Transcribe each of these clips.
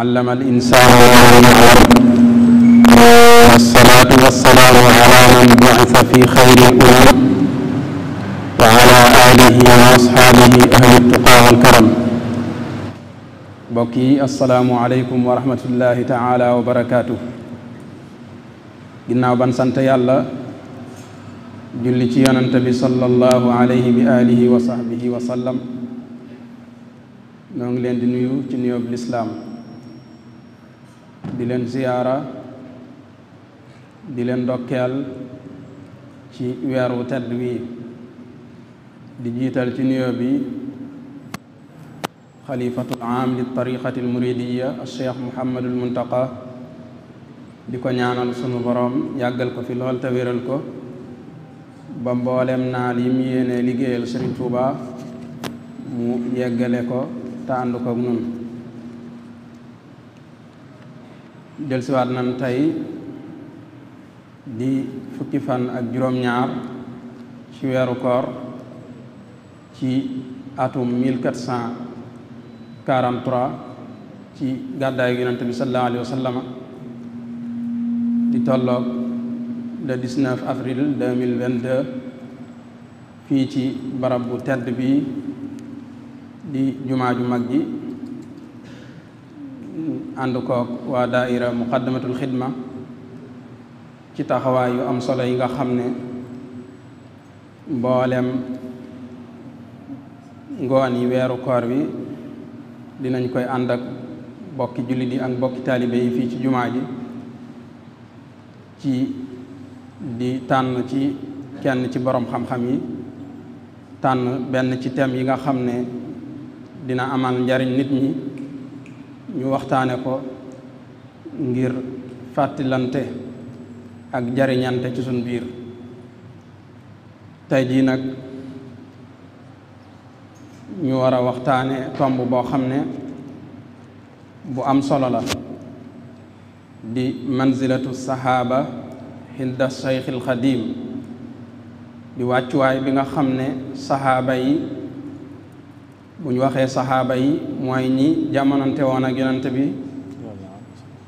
allama al insaana wassalaatu wassalaamu ala man bu'itha fi xayri al umam wa ala alihi wa ashabihi ahli tuqaa wal karam mbokk yi asalaamualeykum wa rahmatullahi taala wa barakaatu. ginnaaw ban sant yàlla julli ci yonante bi sallallahu alayhi bi alihi wa sahbihi wa sallam ñoo ngi leen di nuyu ci nuyoob lislaam di leen ziyaara di leen ndokkeel ci weer wu tedd di jiital ci nuyoo bi xalifatul aam li tariqati almuridiya alcheikh muhammadul muntaqa di ko ñaanal sunu boroom yàggal ko fi lool te wéral ko ba mboolem naal yi mu yéene liggéeyal sëriñ Tuuba mu yeggale ko te ànd ko ak nun delsiwaat nan tey di fukki fan ak juróom-ñaar ci weeru koor ci atum 1400 43 ci gàddaayu yonente bi sallallahu alayhi wa sallam di tolloog de 19 avril 2022 fii ci barab bu tedd bi di jumaa ju mag ji ànd koog waa daaira muqaddamatul xidma ci taxawaay yu am solo yi nga xam ne mboolem ngoon yi weeru koor wi dinañ koy ànd ak mbokki jullit yi ak mbokki taalibe yi fii ci jumaa ji ci di tànn ci kenn ci boroom xam-xam yi tànn benn ci thème yi nga xam ne dina amal njariñ nit ñi ñu waxtaane ko ngir fàttilante ak jariñante ci suñ biir tey jii ñu war a waxtaane tomb boo xam ne bu am solo la di manzilatu saxaaba hinda cheikh al di wàccuwaay bi nga xam ne sahaaba yi bu waxee saxaaba yi mooy ñi jamonante woon ak yonent bi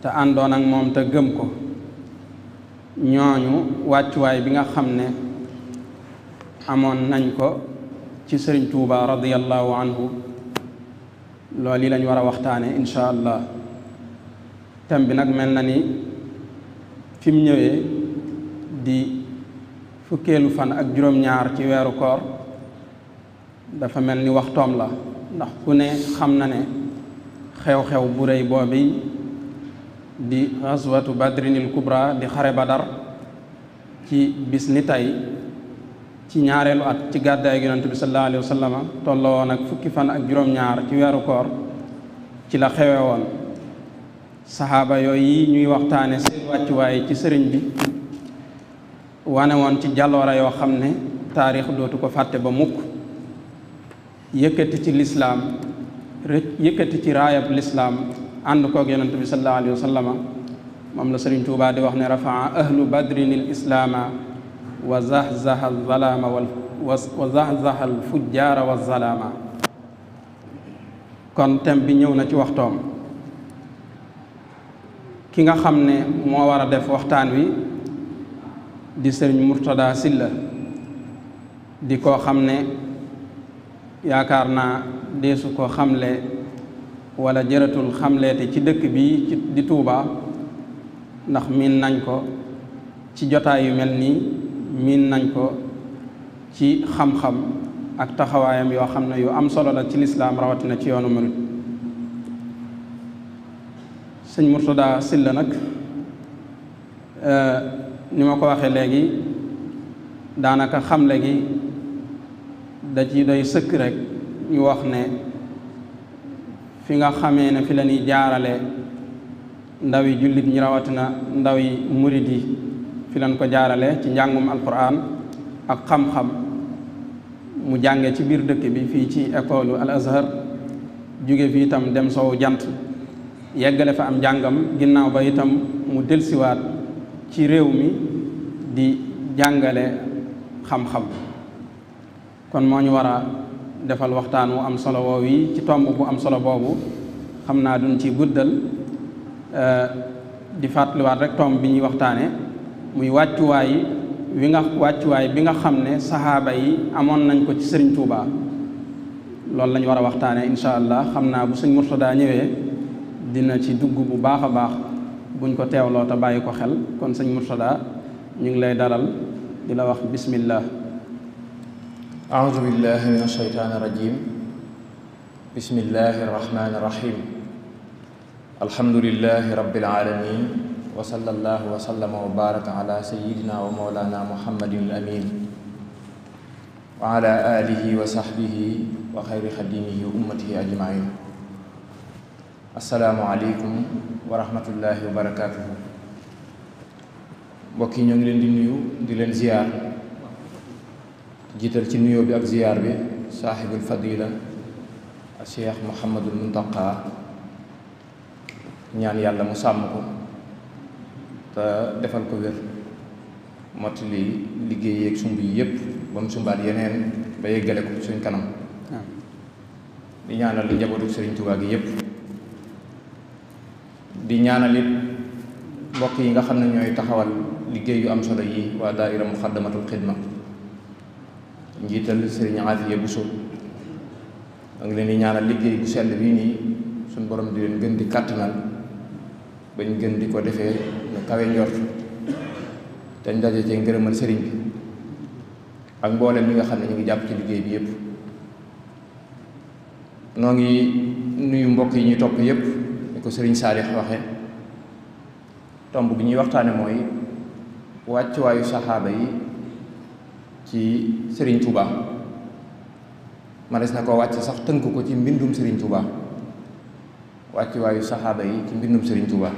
te àndoon ak moom te gëm ko ñooñu wàccuwaay bi nga xam ne amoon nañ ko ci sëriñ tuuba radiallahu anhu loolu yi lañ war a waxtaane insha allah thème bi nag mel na ni fi mu ñëwee di fukkeelu fan ak juróom-ñaar ci weeru koor dafa mel ni waxtoom la ndax ku ne xam na ne xew-xew bu rëy boobi di xaswatu badrinil kubra di xare ba badar ci bis ni tey ci ñaareelu at ci gàddaayu yonent bi sallallahu alayhi wa sallam tolloo woon ak fukki fan ak juróom-ñaar ci weeru koor ci la xewe woon saxaaba yi ñuy waxtaane seen wàccuwaay ci sëriñ bi wane woon ci jaloora yoo xam ne taarix dootu ko fàtte ba mukk yëkkati ci lislaam yëkkati ci raayab lislaam ànd koog yonent bi sallallahu alayhi wa sallam moom la sëriñ Tuubaa di wax ne rafaa ahlu badrinil islaama wa zaxzaxa alzalaama wal wa zaxzaxa alfujjaara kon tem bi ñëw na ci waxtoom ki nga xam ne moo war a def waxtaan wi di sëriñ Murtada Silla di koo xam ne yaakaar naa deesu ko xamle wala jëratul xamleete ci dëkk bi di Tuuba ndax miin nañ ko ci jotaay yu mel nii miin nañ ko ci xam-xam ak taxawaayam yoo xam ne yu am solo la ci lislaam rawatina ci yoonu murit sëñ Murtada Silla nag eh, ni ma ko waxee léegi daanaka xamle gi da ci doy sëkk rek ñu wax ne fi nga xamee ne fi la ñuy jaarale ndaw yi jullit ñi rawatina ndaw yi murit yi fi lañ ko jaarale ci njàngum alquran ak xam-xam mu jànge ci biir dëkk bi fii ci école al jóge fi itam dem sow jant yeggale fa am njàngam ginnaaw ba itam mu delsiwaat ci réew mi di jàngale xam-xam kon moo ñu war a defal waxtaan wu am solo woow yi ci tomb bu am solo boobu xam naa duñ ci guddal euh, di fàttaliwaat rek tomb bi ñuy waxtaane muy wàccuwaay wi nga wàccuwaay bi nga xam ne saxaaba yi amoon nañ ko ci sëriñ Touba loolu lañ war a waxtaanee incha allah xam naa bu sëñ Murtada ñëwee dina ci dugg bu baax a baax buñ ko teewloo te bàyyi ko xel kon sëñ Murtada ñu ngi lay dalal di la wax bismillah aoudu billahi min asheytaani rajim bismillahi rahmaani rahim alhamdulilahi rabbil alamin wa sallallahu wa sallama wa baraka ala sayyidina wa mawlana muhammadin amin wa ala alihi wa sahbihi wa wa ummatihi ajmain assalaamu aleykum wa rahmatullahi wa yi ñoo ngi leen di nuyu di leen ziyaar jiital ci nuyoo bi ak ziyaar bi saaxibul fadila cheikh muhammadul muntaqa ñaan yàlla mu sàmm ko te defal ko wér mottali liggéey yeeg sumb yi yëpp ba mu sumbaat yeneen ba yeggale ko suñ kanam di ñaanal li njabootu Sëriñ Tuubaa gi yëpp di ñaanal it mbokk yi nga xam ne ñooy taxawal liggéey yu am solo yi waa daayira Muxaddamatul Xidma njiital Sëriñ Afiya Buso da nga leen di ñaanal liggéey bu sell bii nii suñ borom di leen gën di kàttanal bañ gën di ko defee lu kawe njort te daje ci ngërëmal sëriñ bi ak mboolem ñi nga xam ne ñu ngi jàpp ci liggéey bi yépp noo ngi nuyu mbokk yi ñuy topp yépp ni ko sëriñ Saalix waxe tomb bi ñuy waxtaane mooy wàccuwaayu saxaaba yi ci sëriñ Touba manes na ko wàcc sax tënk ko ci mbindum sëriñ Touba wàccuwaayu saxaaba yi ci mbindum Serigne Touba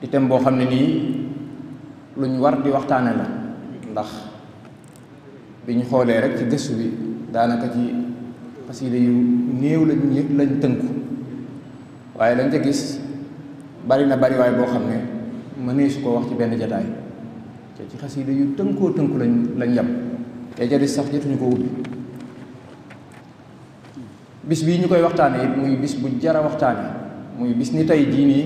di thème boo xam ne nii luñ war di waxtaane la ndax biñ xoolee rek ci gëstu bi daanaka ci xasida yu néew lañ ñëpp lañ tënku waaye lañ ca gis bari na bari waay boo xam ne mënee su ko wax ci benn jataay te ci xasida yu tënkoo tënku lañ lañ yem te ca des sax jotuñu ko ubbi bis bii ñu koy waxtaanee it muy bis bu jara waxtaane muy bis ni tey jii nii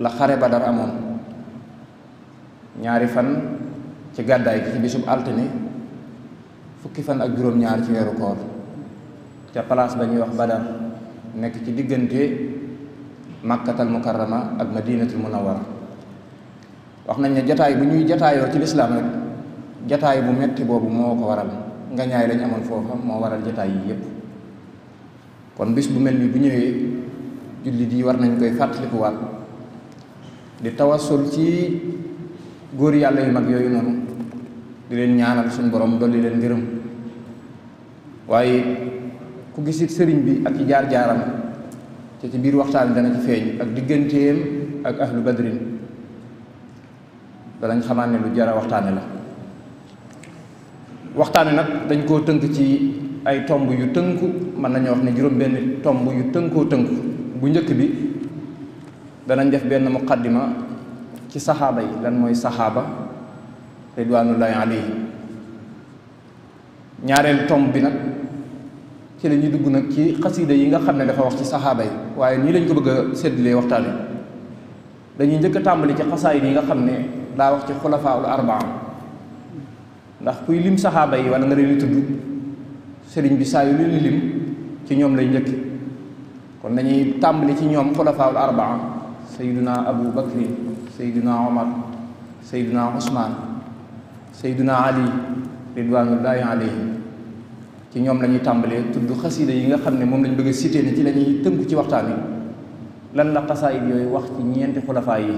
la xare Badar amoon ñaari fan ci gàddaay gi ci bisub altine fukki fan ak juróom-ñaar ci weeru koor ca place ba ñuy wax Badar nekk ci diggante màkkatal mukarrama ak a munawwara wax nañ ne jataay bu ñuy jataayoo ci lislaam rek jataay bu metti boobu moo ko waral nga ñaay lañ amoon foofa moo waral jataay yi yépp kon bis bu mel ni bu ñëwee jullit yi war nañ koy fàttalikuwaat di tawasul ci góor yàlla yu mag yooyu noonu di leen ñaanal suñu borom dolli leen ngërëm waaye ku gisit sëriñ bi ak ci jaar-jaaram te ci biir waxtaan dana ci feeñ ak digganteem ak ahlu badrin danañ xamaan ne lu jara waxtaane la waxtaane nag dañ koo tënk ci ay tomb yu tënku mën nañu wax ne juróom-benn tomb yu tënkoo tënku bu njëkk bi danañ def benn muqaddima ci saxaaba yi lan mooy saxaaba ridwanullahi alayhi ñaareel tomb bi nag ci la dugg nag ci xasida yi nga xam ne dafa wax ci saxaaba yi waaye nii lañ ko bëgg a séddalee waxtaan wi dañuy njëkk tàmbali ci xasaayid yi nga xam ne daa wax ci xulafaaul arbaa ndax kuy lim saxaaba yi wala nga leen di tudd sëriñ bi saa yu lu ñu lim ci ñoom lay njëkk kon dañuy tàmbali ci ñoom xulafaawul arbaa sayduna abu bakri sayduna omar sayduna usmaan sayduna ali ridwanullahi alayhi ci ñoom la ñuy tàmbalee tudd xasida yi nga xam ne moom lañ bëgg sitee cité ci lañuy ñuy tënku ci waxtaan wi lan la xasaayid yooyu wax ci ñeenti xulafaa yi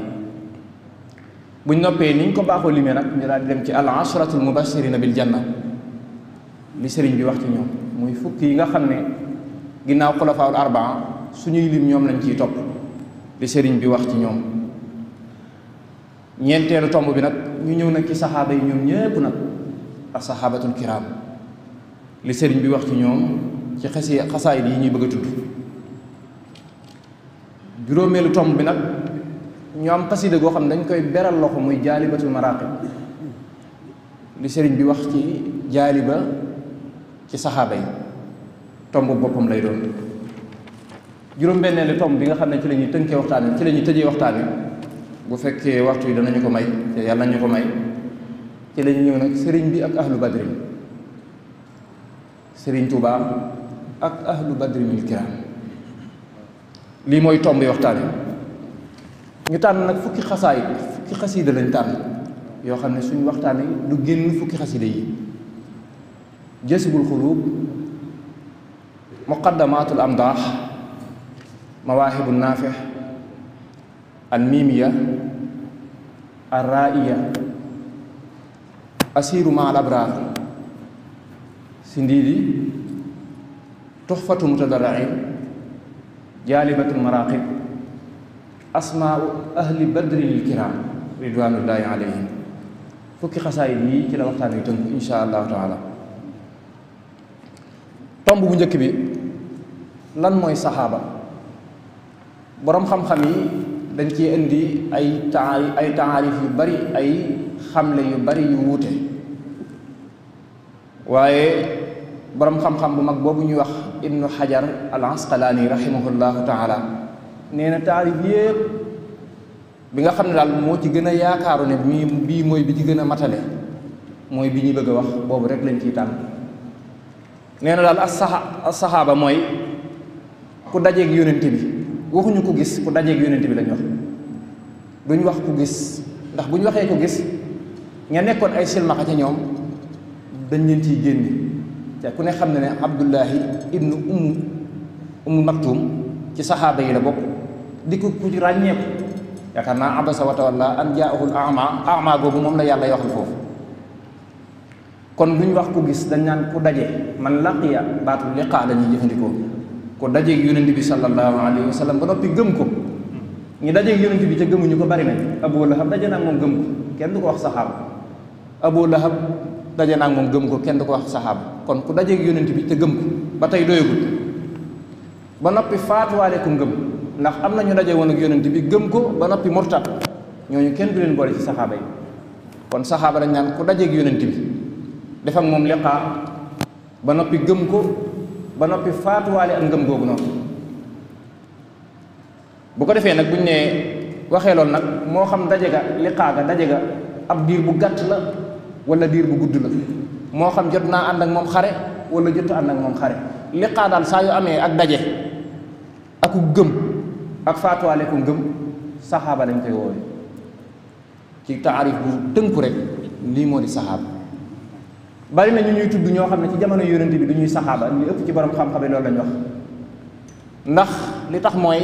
buñ noppee ñu ko baaxoo limee nag ñu daal di dem ci al asratul mubashirina bil janna li sëriñ bi wax ci ñoom muy fukk yi nga xam ne ginnaaw xulafaawul arbaa suñuy lim ñoom lañ ciy topp li sëriñ bi wax ci ñoom ñeenteelu tomb bi nag ñu ñëw nag ci saxaaba yi ñoom ñépp nag ak saxaabatul kiraam li sëriñ bi wax ci ñoom ci xasi xasaayid yi ñuy bëgg a tudd juróomeelu tomb bi nag ñu am xasida goo xam ne dañ koy beral loxo muy jaalibatul maraqib li sëriñ bi wax ci jaaliba ci saxaaba yi tomb boppam lay doon juróom-benneeli tomb bi nga xam ne ci la tënkee waxtaan wi ci la ñuy tëjee waxtaan wi bu fekkee waxtu yi danañu ko may te yàlla nañu ko may ci lañuy ñuy ñëw nag sëriñ bi ak ahlu badrin sëriñ Tuubaa ak ahlu badrinil kiraam lii mooy tomb yi waxtaan yi ñu tànn nag fukki xasaay fukki xasiida lañ tànn yoo xam ne suñu waxtaan yi du génn fukki xasiida yi jasbul xuluub muqaddamaatul amdaax mawaahibu naafix al miimiya al raaiya asiiru ma al abraar si ndiidi tuxfatu mutadarrain jaalibatul maraqib asmaau ahli badrin ilkiraam ridwanullahi alayhim fukki xasaayid yi ci la waxtaan wi tënk insha allahu taala tomb bu njëkk bi lan mooy saxaaba boroom xam-xam yi dañ ci indi ay taari ay taarif yu bari ay xamle yu bari yu wuute waaye boroom xam-xam bu mag boobu ñuy wax ibnu xajar al asqalaani rahimahullahu taala nee na taarif yépp bi nga xam ne daal moo ci gën a yaakaaru ne bii bii mooy bi ci gën a matale mooy bi ñuy bëgg a wax boobu rek lañ ciy tànn nee na daal as saxaaba mooy ku dajeeg yónente bi waxuñu ko gis ku dajeeg yónente bi lañ wax duñ wax ku gis ndax bu ñu waxee ku gis ña nekkoon ay silmaxa ca ñoom dañ leen ciy génne te ku ne xam ne ne abdullahi ibnu umu umu maktuum ci saxaaba yi la bokk di ko ku ci ràññeeku yaakaar naa abasa wa tawalla an jaahul ama ama boobu moom la yàlla waxal foofu kon ñu wax ko gis dañ naan ku daje man laqiya baatu liqaa la ñuy jëfandikoo ku dajeeg yonent bi sallallahu alayhi wa sallam ba noppi gëm ko ñu dajeeg yonent bi te gëmuñu ko bari nañ Abu Lahab daje naa gëm ko kenn du ko wax saxaaba Abu daje naa gëm ko kenn du ko wax saxaaba kon ku dajeeg yonent bi te gëm ba tey doyagul ba noppi faatuwaale ku ngëm ndax am na ñu daje woon ak yonent bi gëm ko ba noppi murtat ñooñu kenn du leen boole ci saxaaba yi kon saxaaba dañ naan ku dajeeg yonent bi. def ak moom liqaa ba noppi gëm ko ba noppi faatuwaale ak ngëm googu noonu bu ko defee nag buñ ne waxee loolu nag moo xam daje ga liqaa ga daje ga ab diir bu gàtt la wala diir bu gudd la moo xam jot naa ànd ak moom xare wala jot ànd ak moom xare liqaa daal saa yu amee ak daje aku gëm ak faatuwaale ko gëm saxaaba lañ koy woowe ci taarif bu tënku rek lii moo di saxaaba bari na ñu ñuy tudd ñoo xam ne ci jamono yonente bi du ñuy saxaaba li ëpp ci borom xam-xame loolu lañ wax ndax li tax mooy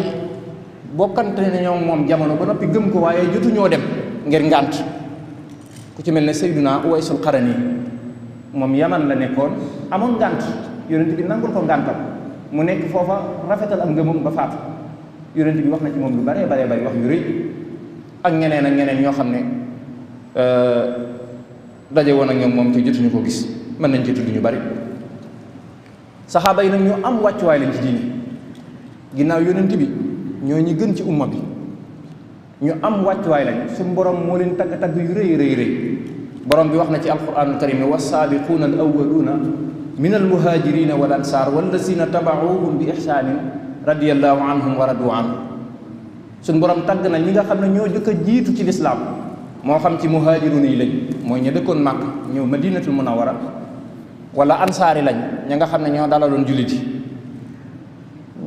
bokkante na moom jamono ba noppi gëm ko waaye jotu ñoo dem ngir ngànt ku ci mel ne Sayyiduna Uwaysul Qarani moom yaman la nekkoon amoon ngànt yonente bi nangul ko ngàntam mu nekk foofa rafetal ak ngëmam ba faatu yonente bi wax na ci moom lu baree baree bari wax yu rëy ak ñeneen ak ñeneen ñoo xam ne euh, daje woon ak ñoom moom te jotuñu ko gis mën nañ ci tudd ñu bari saxaaba yi nag ñu am wàccuwaay lañ ci diini ginnaaw yonent bi ñoo ñi gën ci umma bi ñu am wàccuwaay lañ suñu borom moo leen tagg tagg yu rëy rëy rëy borom bi wax na ci alquranul karim wa saabiquuna al awwaluuna min al muhaajirina wal ansaar wallazina tabacuhum bi ixsaanin radiallahu anhum wa radu anhu suñu borom tagg nañ ñi nga xam ne ñoo jëkk a jiitu ci lislaam moo xam ci muhaajirun yi lañ mooy ñu dëkkoon màkk ñëw madinatul munawara wala ansaari lañ ña nga xam ne ñoo dalaloon jullit yi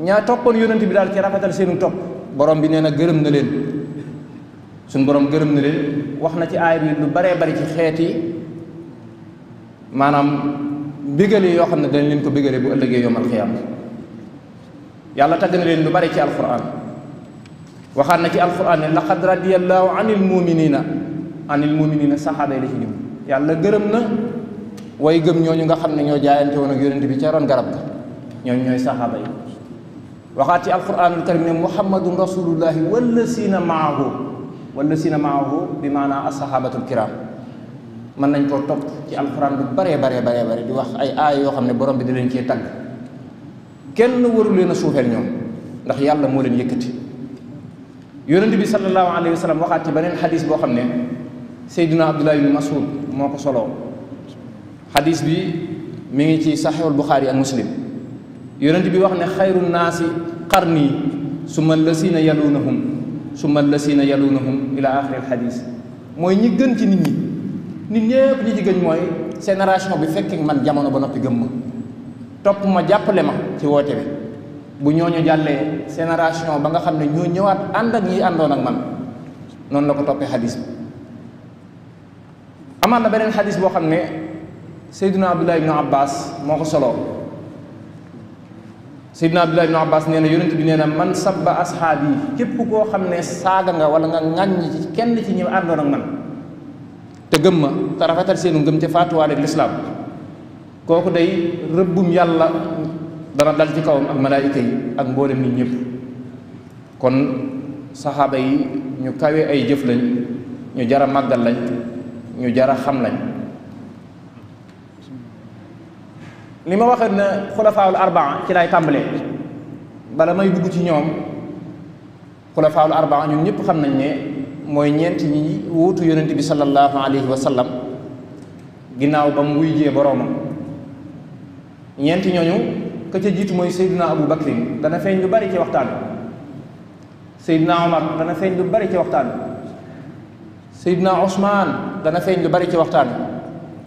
ñaa toppoon yonent bi daal ci rafetal seenu topp borom bi nee na gërëm na leen suñ borom gërëm na leen wax na ci aay bi lu baree bari ci xeeti maanaam bégale yoo xam ne dañ leen ko bégale bu ëllëgee yowmal xiyaama yàlla tagg na leen lu bari ci alquran waxaat na ci alquran ne laqad radiyallahu anil muminina anil muminina saxaaba yi la ci ñëw yàlla gërëm na way gëm ñoo ñu nga xam ne ñoo jaayante woon ak yonent bi ca ron garab ga ñooñu ñooy saxaaba yi waxaat ci alquranul karim ne muhammadun rasulullahi wala siina maahu walla siina maahu bi maanaa asahabatul kiram mën nañ koo topp ci alquran bu baree baree baree bare di wax ay aay yoo xam ne borom bi di cee tagg kenn waru leen a suufeel ñoom ndax yàlla moo leen yëkkati yonent bi sallallahu alayhi wa sallam waxaat ci beneen xadis boo xam ne Seydina Abdullah ibn Mas'ud moo ko soloo xadis bi mi ngi ci saxiixul Buxaari ak Muslim yonent bi wax ne xayru naasi qarni summa lasina yalunahum summa lasina yalunahum ila axiri alxadis mooy ñi gën ci nit ñi nit ñëpp ci gën mooy génération bi fekkee man jamono ba noppi gëm ma topp ma jàppale ma ci woote bi bu ñooñu jàllee génération ba nga xam ne ñoo ñëwaat ànd ak ñi àndoon ak man noonu la ko toppee xadis bi amaat na beneen xadis boo xam ne Seydina Abdullah ibnu Abbas moo ko soloo Seydina Abdullah ibnu Abbas nee na yonent bi nee na man sabba asxaab yi képp koo xam ne saaga nga wala nga ŋàññ ci kenn ci ñëw àndoon ak man te gëm ma te rafetal seenu ngëm te faatuwaale lislaam kooku day rëbbum yàlla dana dal ci kawam ak malaayika yi ak mboolem nit ñëpp kon saxaaba yi ñu kawe ay jëf lañ ñu jara màggal lañ ñu jara xam lañ li ma waxee na xulafaawul arbaa ci lay tàmbalee bala may dugg ci ñoom xulafaawul arbaa ñun ñëpp xam nañ ne mooy ñeent ñi wuutu yonent bi sallallahu alayhi wa sallam ginnaaw ba mu wuy jee boroomam ñeenti ñooñu ka ca jiitu mooy Seydina Abu Bakrin dana feeñ lu bari ci waxtaan Seydina Omar dana feeñ lu bari ci waxtaan Seydina Ousmane dana feeñ lu bari ci waxtaan wi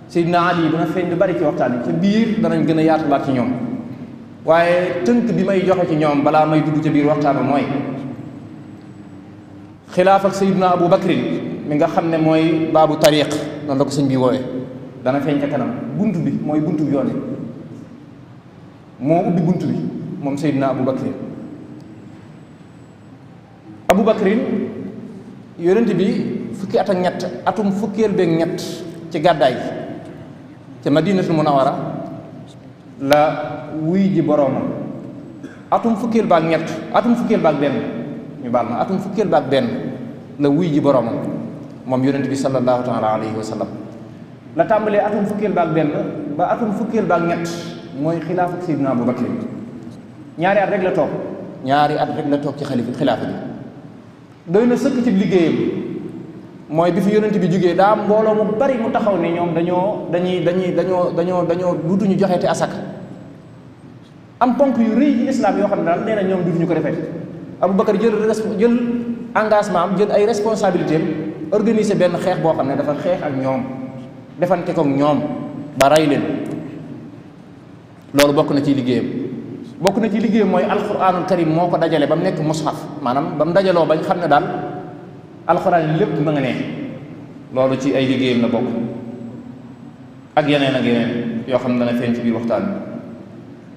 Seydina Ali dana feeñ lu bari ci waxtaan wi ci biir danañ gën a yaatulaat ci ñoom waaye tënk bi may joxe ci ñoom balaa may dugg ci biir waxtaan wi mooy xilaaf ak Seydina Abu Bakrin mi nga xam ne mooy baabu tariq noonu la ko sëñ bi woowee dana feeñ ca kanam bunt bi mooy bunt bi yoone moo ubbi bunt bi moom Seydina Abu Bakrin Abu Bakrin yonent bi fukki at ak ñett atum fukkeel beeg ñett ci gàddaay gi ca madinatul munawara la wuy ji boroomam atum fukkeel baak ñett atum fukkeel baak benn ñu baal ma atum fukkeel baak benn la wuy ji boroomam moom yonent bi sallallahu taala alayhi wa sallam la tàmbalee atum fukkeel baak benn ba atum fukkeel baak ñett mooy xilaaf ak sayyidina Abu Bakr ñaari at rek la toog ñaari at rek la toog ci xalifa xilaafa bi doy na sëkk ci liggéeyam mooy bi fi yonent bi jógee daa mbooloo mu bari mu taxaw ne ñoom dañoo dañuy dañuy dañoo dañoo dañoo duutuñu joxeeti asaka am ponk yu rëy ci islam yoo xam ne daal nee na ñoom duutuñu ko defee Aboubacar jël jël engagement am jël ay responsabilité am benn xeex boo xam ne dafa xeex ak ñoom defante kook ñoom ba rey leen loolu bokk na ci liggéeyam bokk na ci liggéeyam mooy alquranul karim moo ko dajale ba mu nekk mushaf maanaam ba mu dajaloo bañ xam ne daal alxuraan lépp ma nga ne loolu ci ay liggéeyam na bokk ak yeneen ak yeneen yoo xam ne dana feeñ ci biir waxtaan bi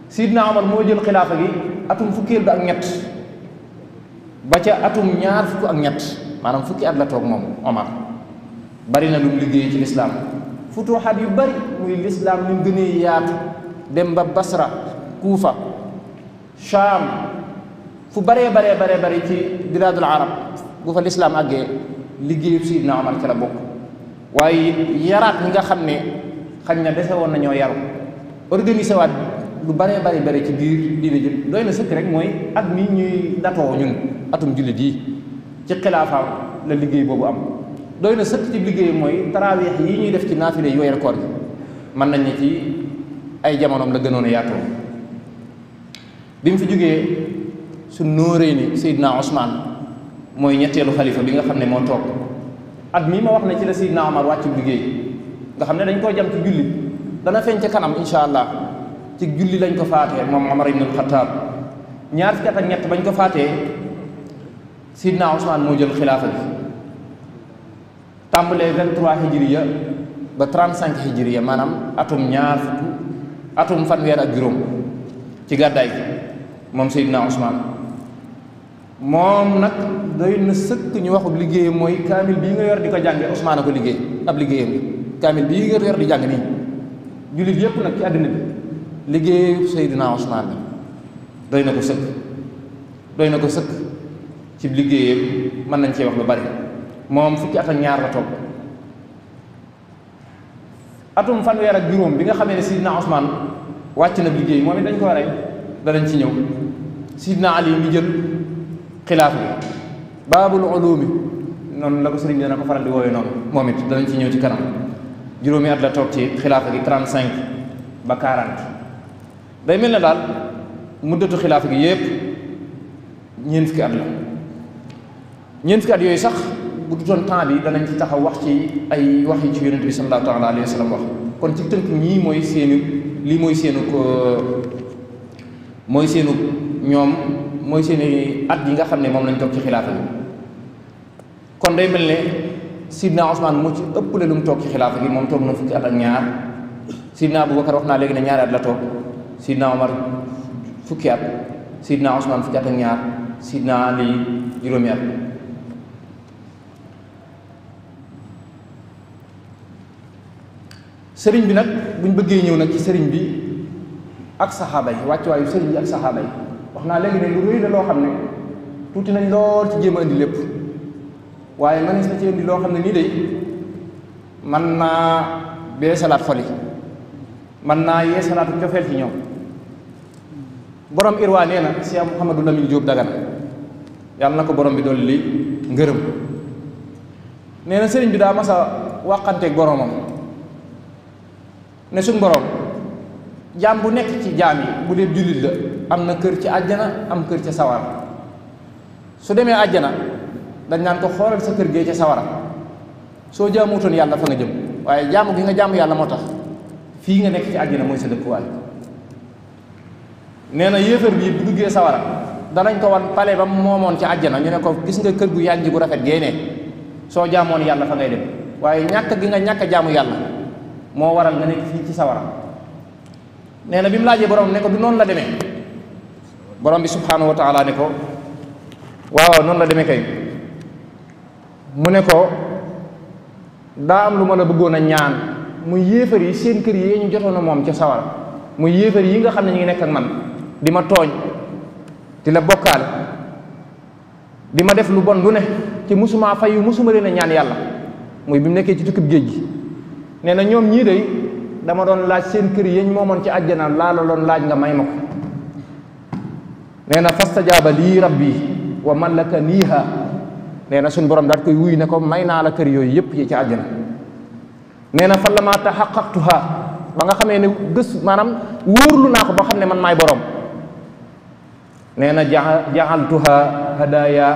Sidna Omar moo jël xilaafa gi atum fukkeel bi ak ñett atum fukki at la toog moom Omar bari na lu mu liggéey ci lislaam futuuxaat yu bari muy lislaam ñu gënee yaatu dem ba Basra Kuufa Shaam fu baree baree baree bari ci bilaadul arab bu fa lislaam àggee liggéeyu Seydina Omar ca la bokk waaye yaraat ñi nga xam ne xañ na defe woon nañoo yaru organiser waat lu bare bare bare ci biir diine ji doy na sëkk rek mooy at mi ñuy datoo ñun atum jullit yi ci xilaafaam la liggéey boobu am doy na sëkk ci liggéey mooy taraawiix yi ñuy def ci naafile yi weer koor gi mën nañ ci ay jamonoom la gënoon a bi mu fi jógee su nóoree ni Seydina Ousmane mooy ñetteelu xalifa bi nga xam ne moo toog at mii ma wax ne ci la Seydina Omar wàccu liggéey nga xam ne dañ koo jam ci julli dana feeñ ca kanam incha allah ci julli lañ ko faatee moom Omar ibn al-Khattab ñaar ak ñett bañ ko faatee Seydina Ousmane moo jël xilaafa bi tàmbalee 23 hijriya ba 35 hijriya maanaam atum ñaar atum fanweer ak juróom ci gàddaay moom Seydina Ousmane moom nag doy na sëkk ñu waxub liggéeyam mooy kaamil bii nga yor di ko jàng Ousmane a ko liggéey ab liggéeyam bi kaamil bii nga yor di jàng nii jullit yépp nag ci àddina bi liggéeyu Seydina Ousmane la doy na ko sëkk doy na ko sëkk ci liggéeyam mën nañ cee wax lu bari moom fukki at ñaar la toog atum fanweer ak juróom bi nga xamee ne Seydina Ousmane wàcc na liggéey moom it dañ ko rey danañ ci ñëw Seydina Ali mi jël xilaaf bi baabul ulumi noonu la ko sëriñ bi dana ko faral di woowee noonu moom it danañ ci ñëw ci kanam juróomi at la toog ci xilaafa gi 35 ba 40 day mel na daal muddatu xilaafa gi yépp ñeent fukki at la ñeent fukki at yooyu sax bu dutoon temps bi danañ ci taxaw wax ci ay wax yi ci yonent bi sallallahu taala alayhi wa sallam wax kon ci tënk ñii mooy seenu lii mooy seenu ko mooy seenu ñoom mooy seeni at yi nga xam ne moom lañ toog ci xilaafa bi kon day mel ne Sidna Ousmane moo ci ëppale lu mu toog ci xilaafa gi moom toog na fukki at ak ñaar Sidna Aboubacar wax naa léegi ne ñaari at la toog Sidna Omar fukki at Sidna Ousmane fukki at ak ñaar Sidna Ali juróomi at sëriñ bi nag buñ bëggee ñëw nag ci sëriñ bi ak saxaaba yi wàccuwaayu sëriñ bi ak saxaaba yi wax naa léegi ne lu rëy la loo xam ne tuuti nañ lool ci jéem a indi lépp waaye mënees na ci indi loo xam ne nii day mën naa bee salaat xol yi mën naa yee salaatu cofeel ci ñoom boroom irwaa nee na Cheikh Mouhamadou Lamine Diop Dagana yàlla na ko boroom bi doon li ngërëm nee na sëriñ bi daa masa a waxanteeg ne suñ borom jaam bu nekk ci jaam yi bu dee jullit la am na kër ci àjjana am kër ca sawara su demee àjjana dañ naan ko xoolal sa kër gee ca sawara soo jaamutoon yàlla fa nga jëm waaye jaamu gi nga jaamu yàlla moo tax fii nga nekk ci àjjana mooy sa dëkkuwaay nee na yéefar bi bu duggee sawara danañ ko wan pale ba moomoon ci àjjana ñu ne ko gis nga kër gu yànji gu rafet gee soo jaamoon yàlla fa ngay dem waaye ñàkk gi nga ñàkk jaamu yàlla moo waral nga nekk fii ci sawara nee na bi mu laajee borom ne ko du noonu la demee borom bi subhaanahu wa taala ne ko waaw noonu la demee kay mu ne ko daa am lu ma la bëggoon a ñaan muy yéefar yi seen kër yi ñu jotoon moom ca sawar muy yéefar yi nga xam ne ñu ngi nekk ak man di ma tooñ di la bokkaale di ma def lu bon lu ne ci musuma fayu musuma leen na ñaan yàlla muy bi mu nekkee ci tukkib géej gi nee na ñoom ñii day dama doon laaj seen kër yeñ moomoon ci àjjana laa doon laaj nga may ma ko nee na fastajaaba lii rabbi wa malaka niiha nee na suñ borom daat koy wuy na ko may naa la kër yooyu yëpp yi ci àjjana nee na fa lama taxaqaqtuha ba nga xamee ne gës maanaam wóorlu naa ko xam ne man maay borom nee na jaxaltuha hadaya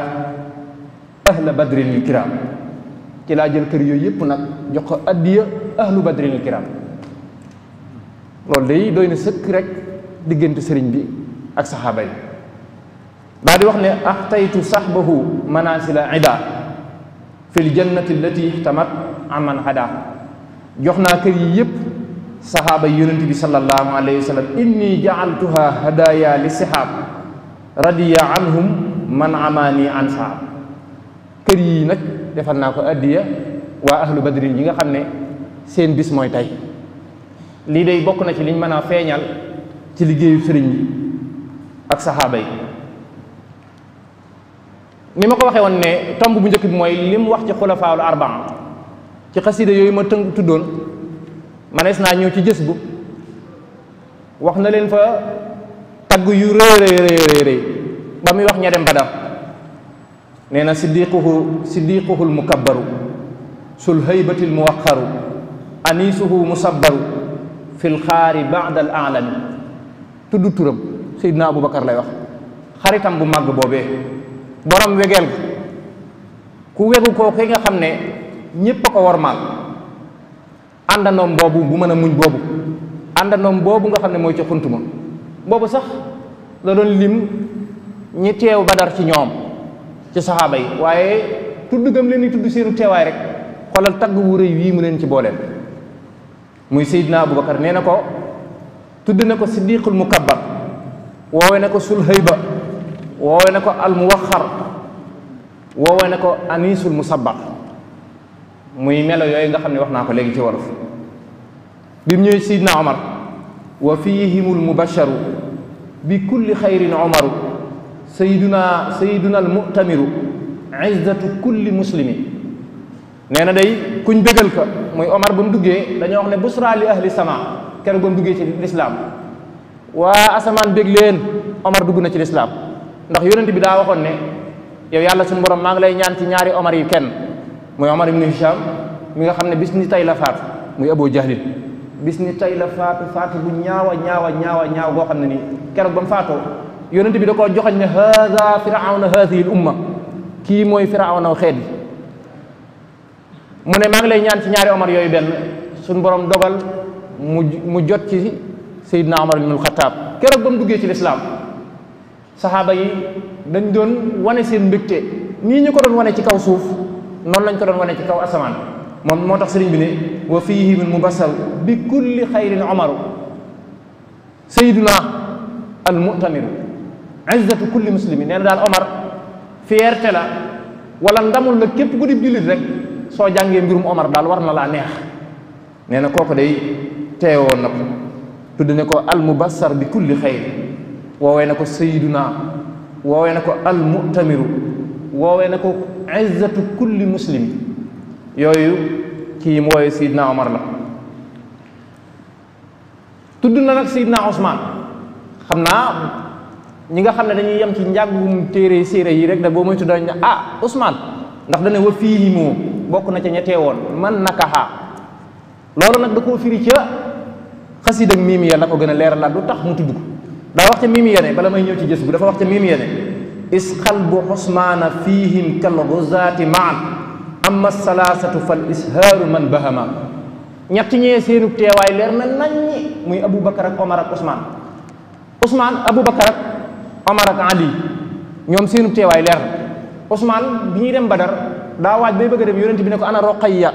ahla badrinil kiram ci laa jël kër yooyu yëpp nag jox ko addiya ahlu badrinil kiram loolu day doy na sëkk rek diggante sëriñ bi ak saxaaba yi daa di wax ne axtaytu saxbahu manasila ida fil jannati allati ihtamat aman hada jox naa kër yi yëpp saxaaba yonent bi sallallahu alayhi wa sallam inni jaaltuha hadaya li sihab radiya nag defal naa ko addiya waa ahlu badrin yi nga xam ne seen bis mooy tay lii day bokk na ci liñ mën a feeñal ci liggéeyu sëriñ bi ak saxaaba yi ni ma ko waxe woon ne tomb bu njëkk bi mooy lim wax ci xulafaawul arbaa ci xasida yooyu ma tënk tuddoon manees naa ñëw ci jës bu wax na leen fa tagg yu rëy rëy rëy ba muy wax ña dem badar nee na siddiquhu siddiquhul mukabbaru sul haybatil muwaqqaru anisuhu musabbaru fil xaari baadal alami tudd turam Seydina Aboubacar lay wax xaritam bu màgg boobee borom wegeel ku wegu ko ki nga xam ne ñépp a ko wormaal àndandoom boobu bu mën a muñ boobu àndandoom boobu nga xam ne mooy ca xunt ma boobu sax la doon lim ñi teew badar ci ñoom ci saxaaba yi waaye tudd gam leen ni tudd seenu teewaay rek xoolal tagg wu rëy wii mu leen ci booleen muy Seydina Aboubacar nee na ko tudd na ko siddiqul mukabbar woowe na ko sulhayba woowe na ko almuwaxar woowe na ko anisul musabbar muy melo yooyu nga xam ne wax naa ko léegi ci wolof bi mu ñëwee Seydina Omar wa fihimul mubasharu ka mooy Omar bu mu duggee dañoo wax ne busra li ahli sama keroog ba mu duggee ci lislaam waa asamaan bég leen Omar dugg na ci lislaam ndax yonent bi daa waxoon ne yow yàlla suñu borom maa ngi lay ñaan ci ñaari Omar yi kenn muy Omar ibnu Hisham mi nga xam ne bis ni tey la faat muy Abu Jahlin bis ni tey la faatu faatu gu ñaawa ñaawa ñaawa ñaaw boo xam ne nii keroog ba mu faatoo yonent bi da koo joxoñ ne haada firawna haadihi l umma kii mooy firawna xeet bi mu ne maa ngi lay ñaan ci ñaari omar yooyu benn suñ borom dogal mu mu jot ci Seydina Omar ibnul Xataab keroog ba mu duggee ci lislaam saxaaba yi dañ doon wane seen mbégte nii ñu ko doon wane ci kaw suuf noonu lañ ko doon wane ci kaw asamaan moom moo tax sëriñ bi ne wa fiihi min mubassal bi kulli xayrin omaru sayduna al mutamiru izzatu kulli muslimi nee na daal omar fierté la wala ndamul la képp ku di jullit soo jàngee mbirum Omar daal war na laa neex nee na kooku day teewoon na ko tudd ne ko al mubassar bi kulli xayr woowee na ko sayiduna woowee na ko al mutamiru woowee na ko izzatu kulli muslim yooyu kii mu woowee sayidna Omar la tudd na nag sayidna Ousmane xam naa ñi nga xam ne dañuy yem ci njàngum téere séeréer yi rek da boo moytu dañ ah Ousmane ndax dane wa bokk na ca ñettee woon man nakaha loolu nag da koo firi ca xasida miimi ya la ko gën a leeral lu tax mu tudd ko daa wax ca miimi ya ne bala may ñëw ci jës bu dafa wax ca miimi ya ne isxal bu xosmaana fihim kal ruzaati maan amma salaasatu fal ishaaru man bahama ñetti ñee seenu teewaay leer na naññi muy abou bakar ak omar ak omar ak ali ñoom seenu teewaay leer na ousmane bi ñuy dem badar daa waaj bay bëgg dem yonent bi ne ko ana roqayya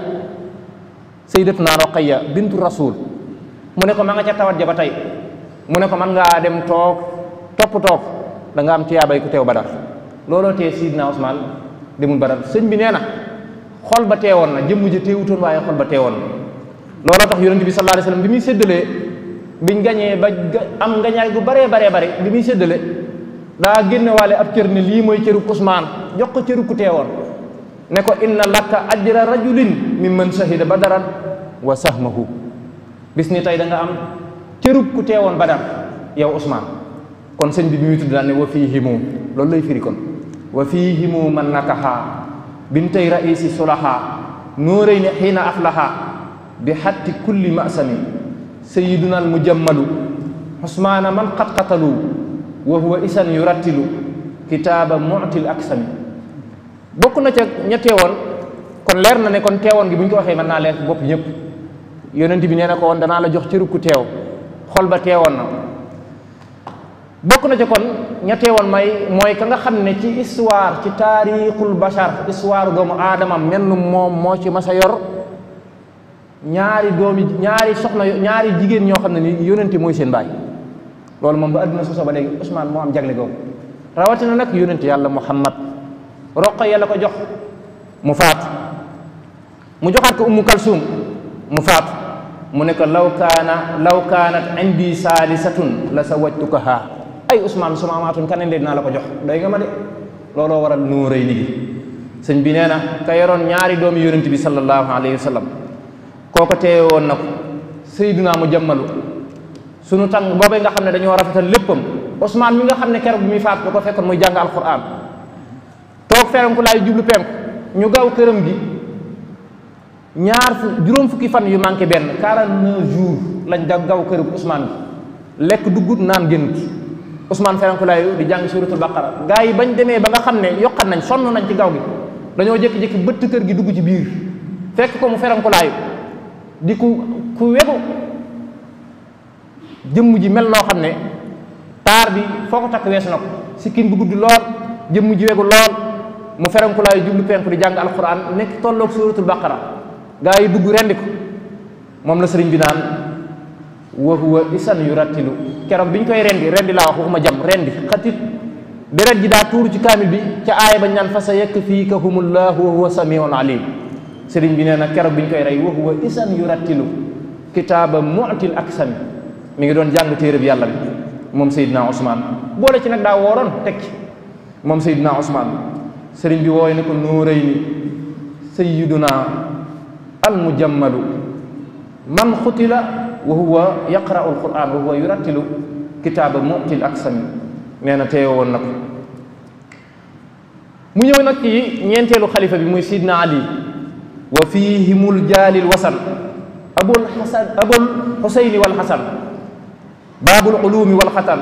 sayyidatuna roqayya bintu rasul mu ne ko ma ca tawat ja ba tey mu ne ko man ngaa dem toog topp toog danga nga am tiyaabay ku teew badar looloo te sidna Usmaan demul badar sëñ bi nee na xol ba teewoon na jëmm ji teewutoon waaye xol ba teewoon na looloo tax yonent bi sallallahu alayhi wasallam bi muy séddalee biñ gañee ba am ngañaay gu baree baree bare bi muy séddale daa génne waale ab cër ne lii mooy cëru Usmaan jox ko cëru ku teewoon ne ko inna lakka ajra rajulin mi mën shahida badaran wa sahmahu bis ni tey da am cërub ku teewoon badar yow Ousmane kon sëñ bi bi muy wa fiihimu loolu lay firi kon wa fiihimu man nakaxaa bintay raisi sulahaa nóoréy ne xiina aflahaa bi xatti kulli masami sayiduna al mujammalu xusmaana man xat xatalu wa huwa isan yurattilu kitaaba mutil aksami bokk na ca ña woon kon leer na ne kon teewoon gi bu ñu ko waxee man naa leer ci bopp ñëpp yonent bi nee na ko woon danaa la jox ci rukku teew xol ba teewoon na bokk na ca kon ña teewoon may mooy ka nga xam ne ci histoire ci taarixul bashar histoire doomu aadama mel moom moo ci masa yor ñaari doomi ñaari soxna ñaari jigéen ñoo xam ne ni yonente mooy seen baay loolu moom ba àdduna soso ba léegi Ousmane moo am jagle googu rawatina nag yonente roqo ya la ko jox mu faat mu joxaat ko ummu kalsuum mu faatu mu ne ko law kaana law kaanat indi saalisatun la sa wajtukaha ay usmaan sumaamaatun kaneen de naa la ko jox day nga ma de looloo waral noo rëy ligi sëñ bi nee na ka yoroon ñaari doom yonent bi sallallahu alayhi wa sallam kooku teewe woon na ko sayduna mu jàmmalu sunu tàng boobee nga xam ne dañoo rafetal léppam Ousmane mi nga xam ne keroog bi muy faat da ko fekkoon muy jàng alquran toog ferenku laay jublu penku ñu gaaw këram gi ñaar juróom fukki fan yu manqué benn 49 jours lañ da gaaw këram Ousmane lekk duggut naan génnut Ousmane ferenku laay di jàng suratul baqara yi bañ demee ba nga xam ne yokkat nañ sonn nañ ci gaaw gi dañoo jékki-jékki bëtt kër gi dugg ci biir fekk ko mu ferenku laay di ku ku wegu jëmm ji mel noo xam ne taar bi foo ko takk wees na ko sikkin bu gudd lool jëmm ji wegu lool mu ferenkulaayu jublu penku di jàng alquran nekk tolloog suuratul baqara gaa yi dugg rendi ko moom la sëriñ bi naan wa huwa isan yu rattilu keroog bi ñu koy rendi rendi laa wax waxuma jam rendi xatit deret ji daa tuuru ci kaamil bi ca aaya bañ naan fa sa yakfikahumullahu wa huwa samiun alim sëriñ bi nee na keroog bi ñu koy rey wa huwa isan yu rattilu kitaaba mutil ak sami mi ngi doon jàng téere bi yàlla bi moom Seydina Ousmane boole ci nag daa wooroon tekki moom Seydina Ousmane sëriñ bi wooy ne ko nuuréy ni sayyiduna al mujammalu man xutila wa huwa yaqra'u alquran wa huwa yurattilu kitaaba mutil aksami nee na teewe woon na ko mu ñëw nag ci ñeenteelu xalifa bi muy sidna ali wa fihimul jaalil wasan abul xasan abul xuseyni wal xasan baabul ulumi wal xatan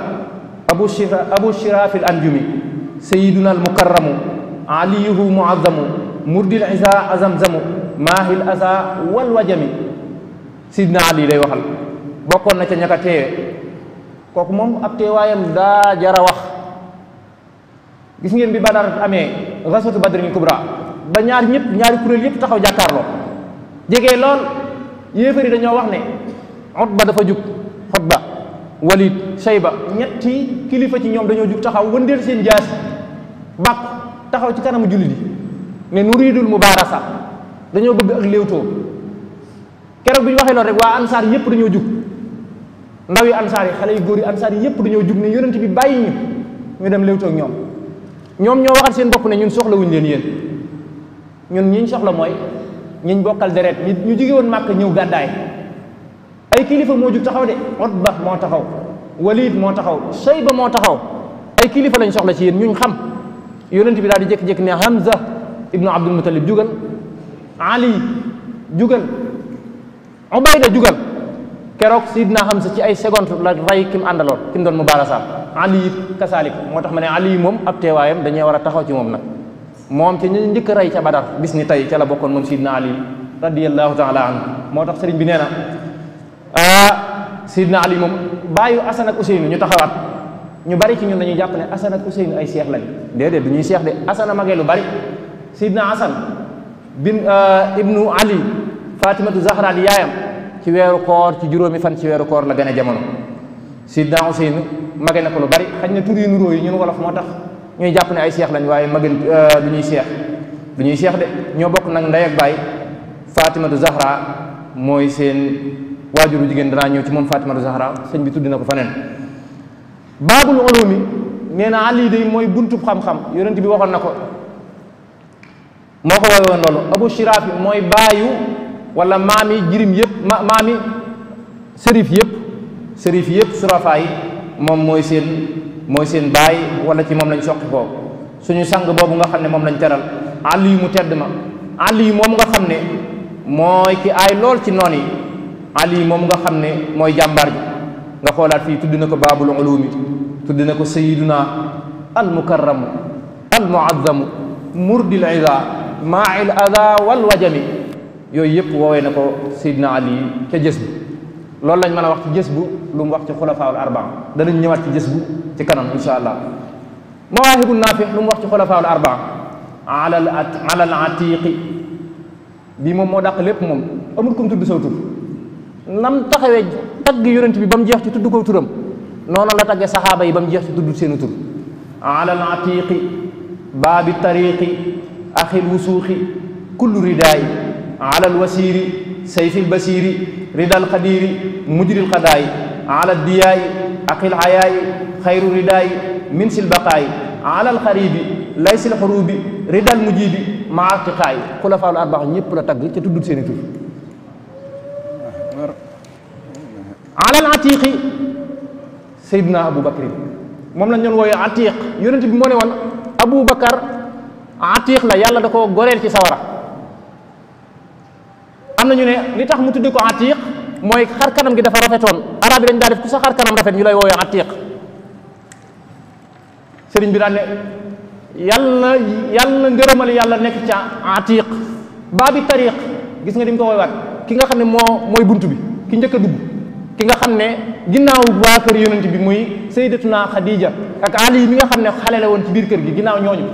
abu shira abu shiraafil anjumi sayiduna al mukarramu aliyuhu muazzamu murdil isa azamzamu maahil asa wal wajami sidna ali lay waxal bokkoon na ca ñaka teewe kooku moom ab teewaayam daa jara wax gis ngeen bi badar amee rasatu badrin kubra ba ñaar ñëpp ñaari kuréel yëpp taxaw jàkkaarloo jege lool yéefar dañoo wax ne Utba dafa jug Xutba Walid Shayba ñetti kilifa ci ñoom dañoo jug taxaw wëndeel seen jaas bàkk taxaw ci kanamu jullit yi ne nu riidul mubaarasa dañoo bëgg ak léewtoo keroog bi ñu waxee loolu rek waa ansaar yépp dañoo jug ndaw yi ansaar yi xale yu góor yi ansaar yi yépp dañoo jug ne yonent bi bàyyi ñu ñu dem léewtoo ñoom ñoom ñoo waxal seen bopp ne ñun soxlawuñ leen yéen ñun ñiñ soxla mooy ñiñ bokkal deret ñu jóge woon màkk ñëw gàddaay ay kilifa moo jug taxaw de Utba moo taxaw Walid moo taxaw Shayba moo taxaw ay kilifa lañ soxla ci yéen yonent bi daal di jékki-jékki ne Hamza ibnu Abdul Muttalib jugal Ali jugal Ubayda jugal keroog Sidna Hamza ci ay seconde la rey ki mu àndaloon ki mu doon mubaarasaam Ali it kasaalik moo tax ma ne Ali moom ab teewaayam dañuy war a taxaw ci moom nag moom ci ñu njëkk rey ca Badar bis ni tey ca la bokkoon moom Sidna Ali radiyallahu taala anhu moo tax sëriñ bi nee na ah Sidna Ali moom bàyyi Asan ak Useynu ñu taxawaat. ñu bari ci ñun dañuy jàpp ne Asan ak Useyn ay seex lañ déedéet du ñuy seex de Asan a magee lu bari Sidna Asan bin euh, ibnu Ali Fatimatu Zahra di yaayam ci weeru koor ci juróomi fan ci weeru koor la gën a jamono Sidna Useyn mage na ko lu bari xañ na tur yu nuroo yi ñun wolof moo tax ñuy jàpp ne ay seex lañ waaye mage euh, du ñuy seex du ñuy seex de ñoo bokk nag ndey ak baay Fatimatu Zahra mooy seen waajuru jigéen danaa ñëw ci moom Fatimatu Zahra sëñ bi tudd na ko faneen baabul ulumi nee na ali day mooy buntub xam-xam yonent bi waxoon na ko moo ko woy woon loolu abu shiraafi mooy baayu wala maami jirim yëpp ma maami sërif yëpp sërif yëpp surafaa yi moom mooy seen mooy seen baay wala ci moom lañ soqi koo suñu sang boobu nga xam ne moom lañ teral àll yu mu tedd ma àll yi moom nga xam ne mooy ki aay lool ci noon yi àll yi moom nga xam ne mooy jàmbaar ji nga xoolaat fii tudd na ko baabul ulumi tudd na ko sayiduna al mukarramu al muazzamu murdil ida maail ada wal wajami yooyu yëpp woowee na ko sayiduna ali ca jës bu loolu lañ mën a wax ci jës bu lu mu wax ci xulafaawul arbaa danañ ñëwaat ci jës bu ci kanam insha allah mawaahibu naafix lu mu wax ci xulafaawul arbaa ala ala al atiqi bi moom moo dàq lépp moom amul kum tudd saw tur nam taxawee tagg yonent bi ba mu jeex ci tudd ko turam noonu la tagge saxaaba yi ba mu jeex ci tudd seeni tur alal atiqi baabi tariqi axil wusuuqi kullu ridaay alal wasiiri sayfil basiiri ridal xadiiri mujril xadaay alal diyaay axil xayaay xayru ridaay min sil baqaay alal xaribi laysil xurubi ridal ñëpp la tagg ca tudd seeni tur atiqi naa Abu Bakrin moom lañ doon wooyee atiq yonent bi moo ne woon Abu Bakar atiq la yàlla da ko goreel ci sawara am na ñu ne li tax mu tudde ko atiq mooy xar kanam gi dafa rafetoon arab dañ daa def ku sa xar kanam rafet ñu lay wooyee atiq sëriñ bi daal ne yàlla yàlla ngërëmal yàlla nekk ca atiq baabi tariq gis nga di mu ko wooywaat ki nga xam ne moo mooy bunt bi ki njëkk a dugg ki nga xam ne ginnaaw waa kër yonent bi muy sayyidatuna Khadija ak Ali mi nga xam ne xale la woon ci biir kër gi ginnaaw ñooñu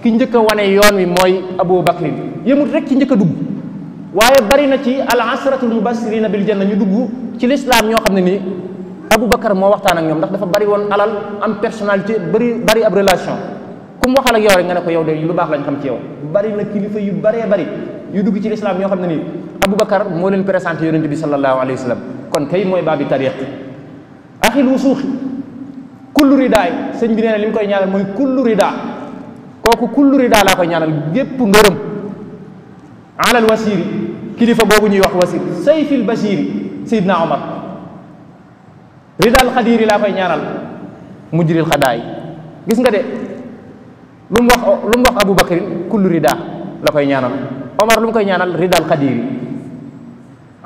ki njëkk a wane yoon wi mooy Abu Bakrin yëmut rek ci njëkk dugg waaye bari na ci al asratul mubasirina bil janna ñu dugg ci lislaam ñoo xam ne nii Abu Bakar moo ak ñoom ndax dafa bari woon alal am personnalité bari bari ab relation ku mu waxal ak yow rek nga lu baax lañ xam ci yow bari yu baree bari yu dugg ci lislaam ñoo xam ne nii Abu Bakar moo leen présenté yonent bi sallallahu alayhi wa kon kay mooy baabi tariq axil wu suuxi ridaay sëñ bi li mu koy ñaanal mooy kullu ridaa kooku kullu ridaa laa koy ñaanal gépp ngërëm alal wasiiri kilifa boobu ñuy wax wasiir sayfil basiiri sayidna omar ridaal xadiiri laa koy ñaanal mujjiril xadaay gis nga de lu wax lu wax abu bakrin kullu ridaa la koy ñaanal omar lu koy ñaanal ridaal xadiiri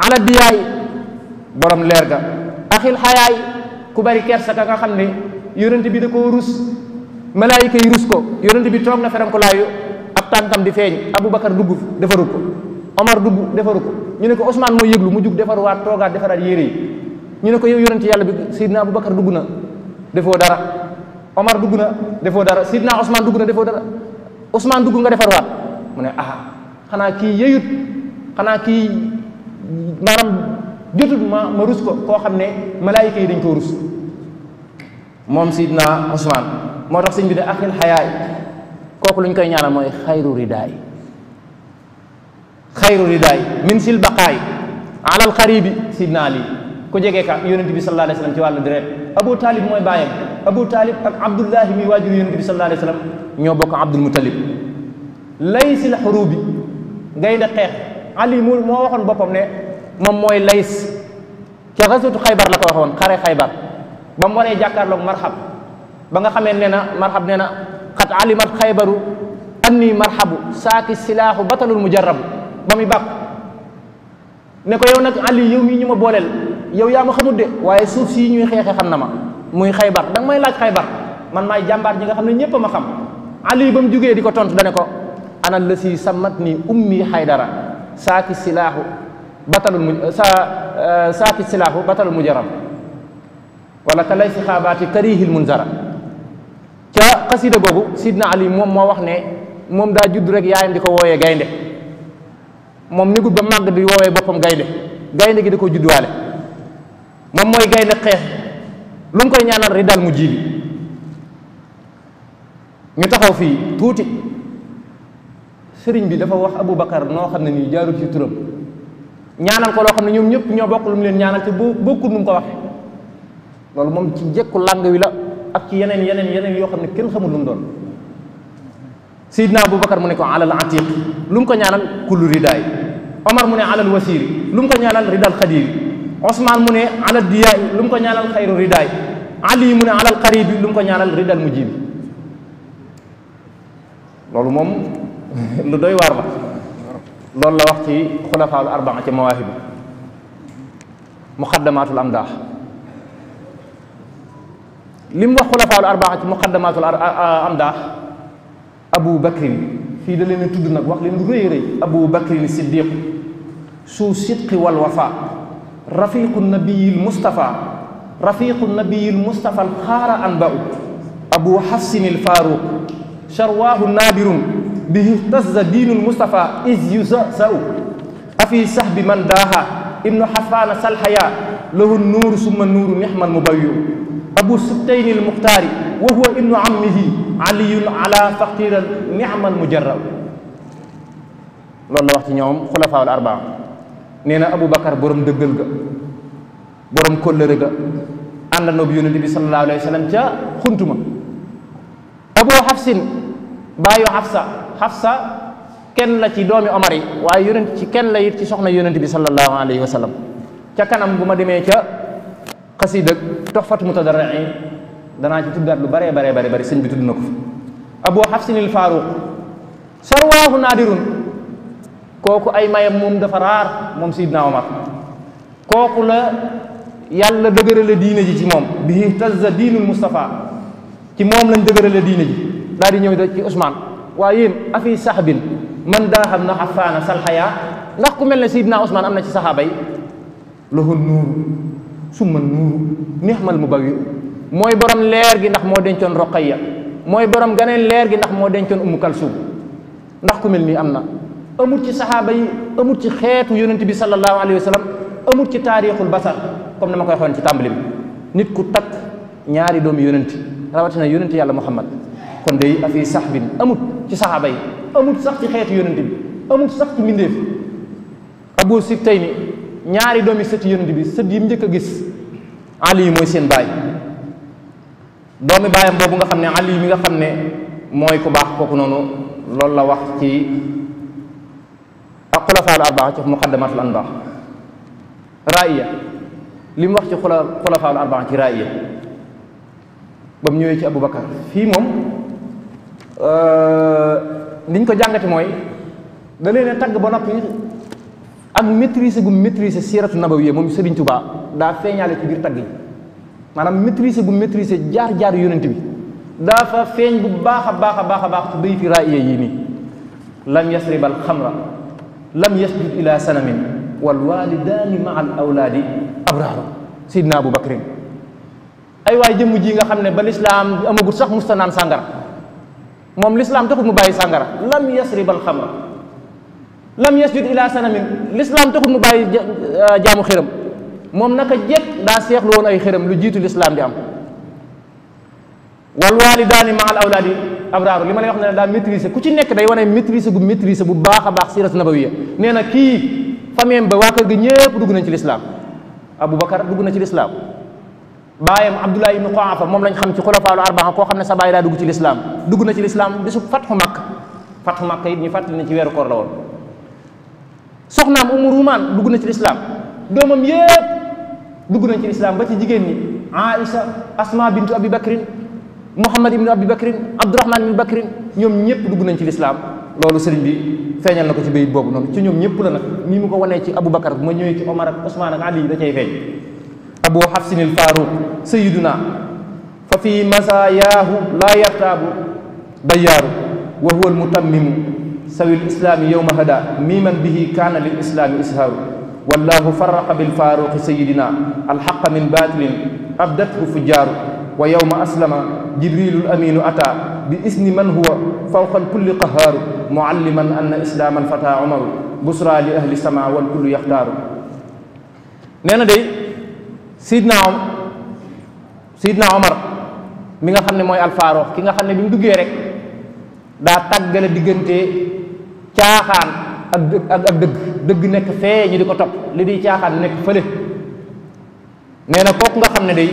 ala diyaay borom leer ga axil xayaay ku bari kersa ka nga xam ne yonent bi da koo rus malaayika yi rus ko yonent bi toog na ferankulaayu ab tànkam di feeñ Aboubacar dugg defaru ko Omar dugg defaru ko ñu ne ko Ousmane moo yëglu mu jug defaruwaat toogaat defaraat yére yi ñu ne ko yow yonent yàlla bi Seydina Aboubacar dugg na defoo dara Omar dugg na defoo dara Seydina Ousmane dugg na defoo dara Ousmane dugg nga defaruwaat mu ne ah xanaa kii yeyut xanaa kii jotut ma rus ko koo xam ne malaayika yi dañ ko rus moom sidna Usmaan moo tax sëñ bi de axil xayaay lu ñu koy ñaanal mooy xayru ridaay xayru ridaay min sil baqaay alal xaribi sidna ali ku jege ka yonent bi sallallahu alayhi wasallam ci wàllu deret Abu Talib mooy bàyyam Abu Talib ak Abdullahi mi waajur yonent bi sallallahu alayhi wasallam ñoo bokk Abdul Muttalib lay sil xurubi gaynde xeex ali moo waxoon boppam ne moom mooy lays ca xasutu xaybar la ko waxoon xare xaybar ba mu waree jàkkaarloog marxab ba nga xamee nee na marxab nee na xat alimat xaybaru anni marxabu saaki silaahu batalul mujarrabu ba muy bàkk ne ko yow nag ali yow mii ñu ma booleel yow yaa ma xamut de waaye suuf sii ñuy xeexe xam na ma muy xaybar da nga may laaj xaybar man maay jàmbaar ñi nga xam ne ñépp a ma xam ali ba mu jógee di ko tontu dane ko ana la si samat nii ummi xaydara saaki silaaxu batalul mu saa eh, saaki silaahu batalul mu jaram wala ka lay si xaabaati karihil munzara ca xasida googu sidna ali moom moo wax ne moom daa judd rek yaayam di ko wooyee gaynde moom nigul ba màgg di woowee boppam gaynde gaynde gi di ko waale moom mooy gaynde xeex lu mu koy ñaanal rek daal mu jiibi ñu taxaw fii tuuti sëriñ bi dafa wax aboubacar noo xam ne nii jaarut ci turam ñaanal ko loo xam ne ñoom ñëpp ñoo bokk lu mu leen ñaanal te boo bokkul nu ko waxee loolu moom ci njëkku làng wi la ak ci yeneen yeneen yeneen yoo xam ne kenn xamul lu mu doon Seydina Aboubacar mu ne ko alal atiq lu ko ñaanal kullu ridaay Omar mu ne alal wasiiri lu mu ko ñaanal ridal xadiiri Ousmane mu ne alal diyaay lu mu ko ñaanal xayru ridaay Ali mu ne alal xaribi lu ko ñaanal ridal mujjibi loolu moom lu doy waar loolu la wax ci xulafaalu arbaa ci mawaahibu muqaddamaatul amdaax li mu ci muqaddamaatul amdaax abu bakrin fii da leen tudd nag wax leen lu rëy abu bakrin siddiq su sidqi wal wafa rafiqu nabiyil mustafa rafiqu nabiyil mustafa alxaara anbau abu xafsinil faaruq charwaahu naabirun bihi tazza diinul Mustafa is yusa saw afi sahbi man daaha ibnu xafaana salhaya lahu nuuru summa nuuru mihman mubayyu abu subtayni almuxtaari wa huwa ibnu ammihi aliyun ala faqiran nihman mujarraw loolu la wax ci ñoom xulafaa al arbaa nee na Abu Bakar borom dëggal ga borom kóllëre ga àndandoo bi yonent bi sallallahu alayhi wa sallam ca xuntuma abu xafsin baayu xafsa Xafsa kenn la ci doomi Omar yi waaye yonent ci kenn la it ci soxna yonent bi sallallahu alayhi wa sallam ca kanam bu ma demee ca xasiida Tuhfatu Mutadarriin danaa ci tuddaat lu baree baree bare bëri sëñ bi tudd na ko Abu Xafsinil Faaruq sarwaahu naadirun kooku ay mayam moom dafa raar moom Sidna Omar kooku la yàlla dëgërale diine ji ci moom bihi tazza diinul Mustafa ci moom lañ dëgërale diine ji daal di ñëw da ci Ousmane waaye yéen afi saxbin man daa xam na afaana salxayaa ndax ku mel ne Seydina Ousmane am na ci saxaaba yi lahu nuuru summa nuuru nixmal mu bawi mooy borom leer gi ndax moo dencoon Roqayya mooy borom ganeen leer gi ndax moo dencoon Ummu Kalsum ndax ku mel nii am na amut ci saxaaba yi amut ci xeetu yonent bi sallallahu alayhi wa sallam amut ci taarixul basar comme na ma koy xoon ci tàmbali bi nit ku takk ñaari doomu yonent rawatina yonent yàlla Muhammad kon day afi sax bin amut ci saxaaba yi amut sax ci xeetu yonente bi amut sax ci mbindeef abu sib tey ni ñaari doomi sët yonente bi sët yi mu njëkk a gis ali yi mooy seen baay doomi baayam boobu nga xam ne ali mi nga xam ne mooy ku baax kooku noonu loolu la wax ci ak xulafaalu arbaa ci muqaddamatul anba raaya li wax ci xula xulafaalu ci raaya ba mu ñëwee ci aboubacar fii moom Euh, niñ ko jàngate mooy da leen a tagg ba noppi ak maîtriser gu maîtriser siiratu nabawiyya moom Serigne Touba daa feeñaale ci biir tagg yi maanaam maîtriser gu maîtriser jaar-jaar yonent bi daa fa feeñ bu baax a baax a baax a baax ci béy fi raaya yii nii lam yasribal xamra lam yasjud ila sanamin wal walidaani ma al awlaadi abraaru sidna Abu Bakrin ay waay jëmm ji nga xam ne ba lislaam amagut sax musta naan sàngara moom lislaam taxul mu bàyyi sàngara lam yasrib alxamra lam yasjud ila sanamin lislaam taxul mu bàyyi euh, jaamu xëram moom naka jekk daa seexlu woon ay xëram lu jiitu lislaam di am wal waalidaani ma al awlaadi abraaru li ma lay wax ne daa maîtriser ku ci nekk day wane maîtriser gu maîtriser bu baax a baax sirat nabawiya nee na kii famille ba waa kër gi ñépp dugg nañ ci lislaam aboubacar dugg na ci lislaam baayam abdullah ibnu Quaafa moom lañ xam ci xulafaalu arbaa koo xam ne sa baay daa dugg ci lislaam dugg na ci lislaam bisu fatxu màkk fatxu màkk it ñu fàttali ne ci weeru koor la woon soxnaam umu ruumaan dugg na ci lislaam doomam yépp dugg nañ ci lislaam ba ci jigéen ñi aïsa asma bintu abi bakrin muhammad ibnu abi bakrin abdurahman ibnu bakrin ñoom ñëpp dugg nañ ci lislaam loolu sëriñ bi feeñal na ko ci bayit boobu noonu ci ñoom ñëpp la nag ni mu ko wanee ci abou bakar bu ma ñëwee ci omar ak ousmane ak ali da cay feeñ abu xafsinil faaruq sayiduna fa fi masaayaahu laa yartaabu dayyaaru wa huwa almutammimu sawi lislaami yowma hada miiman bihi kaana lil islaami ishaaru wallahu faraqa bilfaaruqi sayidina alxaqa min batilin abdathu fujjaaru wa yowma aslama jibrilu laminu ata bi isni man huwa fawqa alkulli qahaaru mualliman anna islaaman fata umaru busra li ahli sama wal kullu yaxtaaru nee na day sidna sidna omar mi nga xam ne mooy alfaaroox ki nga xam ne bi mu duggee rek daa tàggale diggante caaxaan ak ak ak dëgg dëgg nekk fee ñu di ko topp li di caaxaan nekk fële nee nag kooku nga xam ne day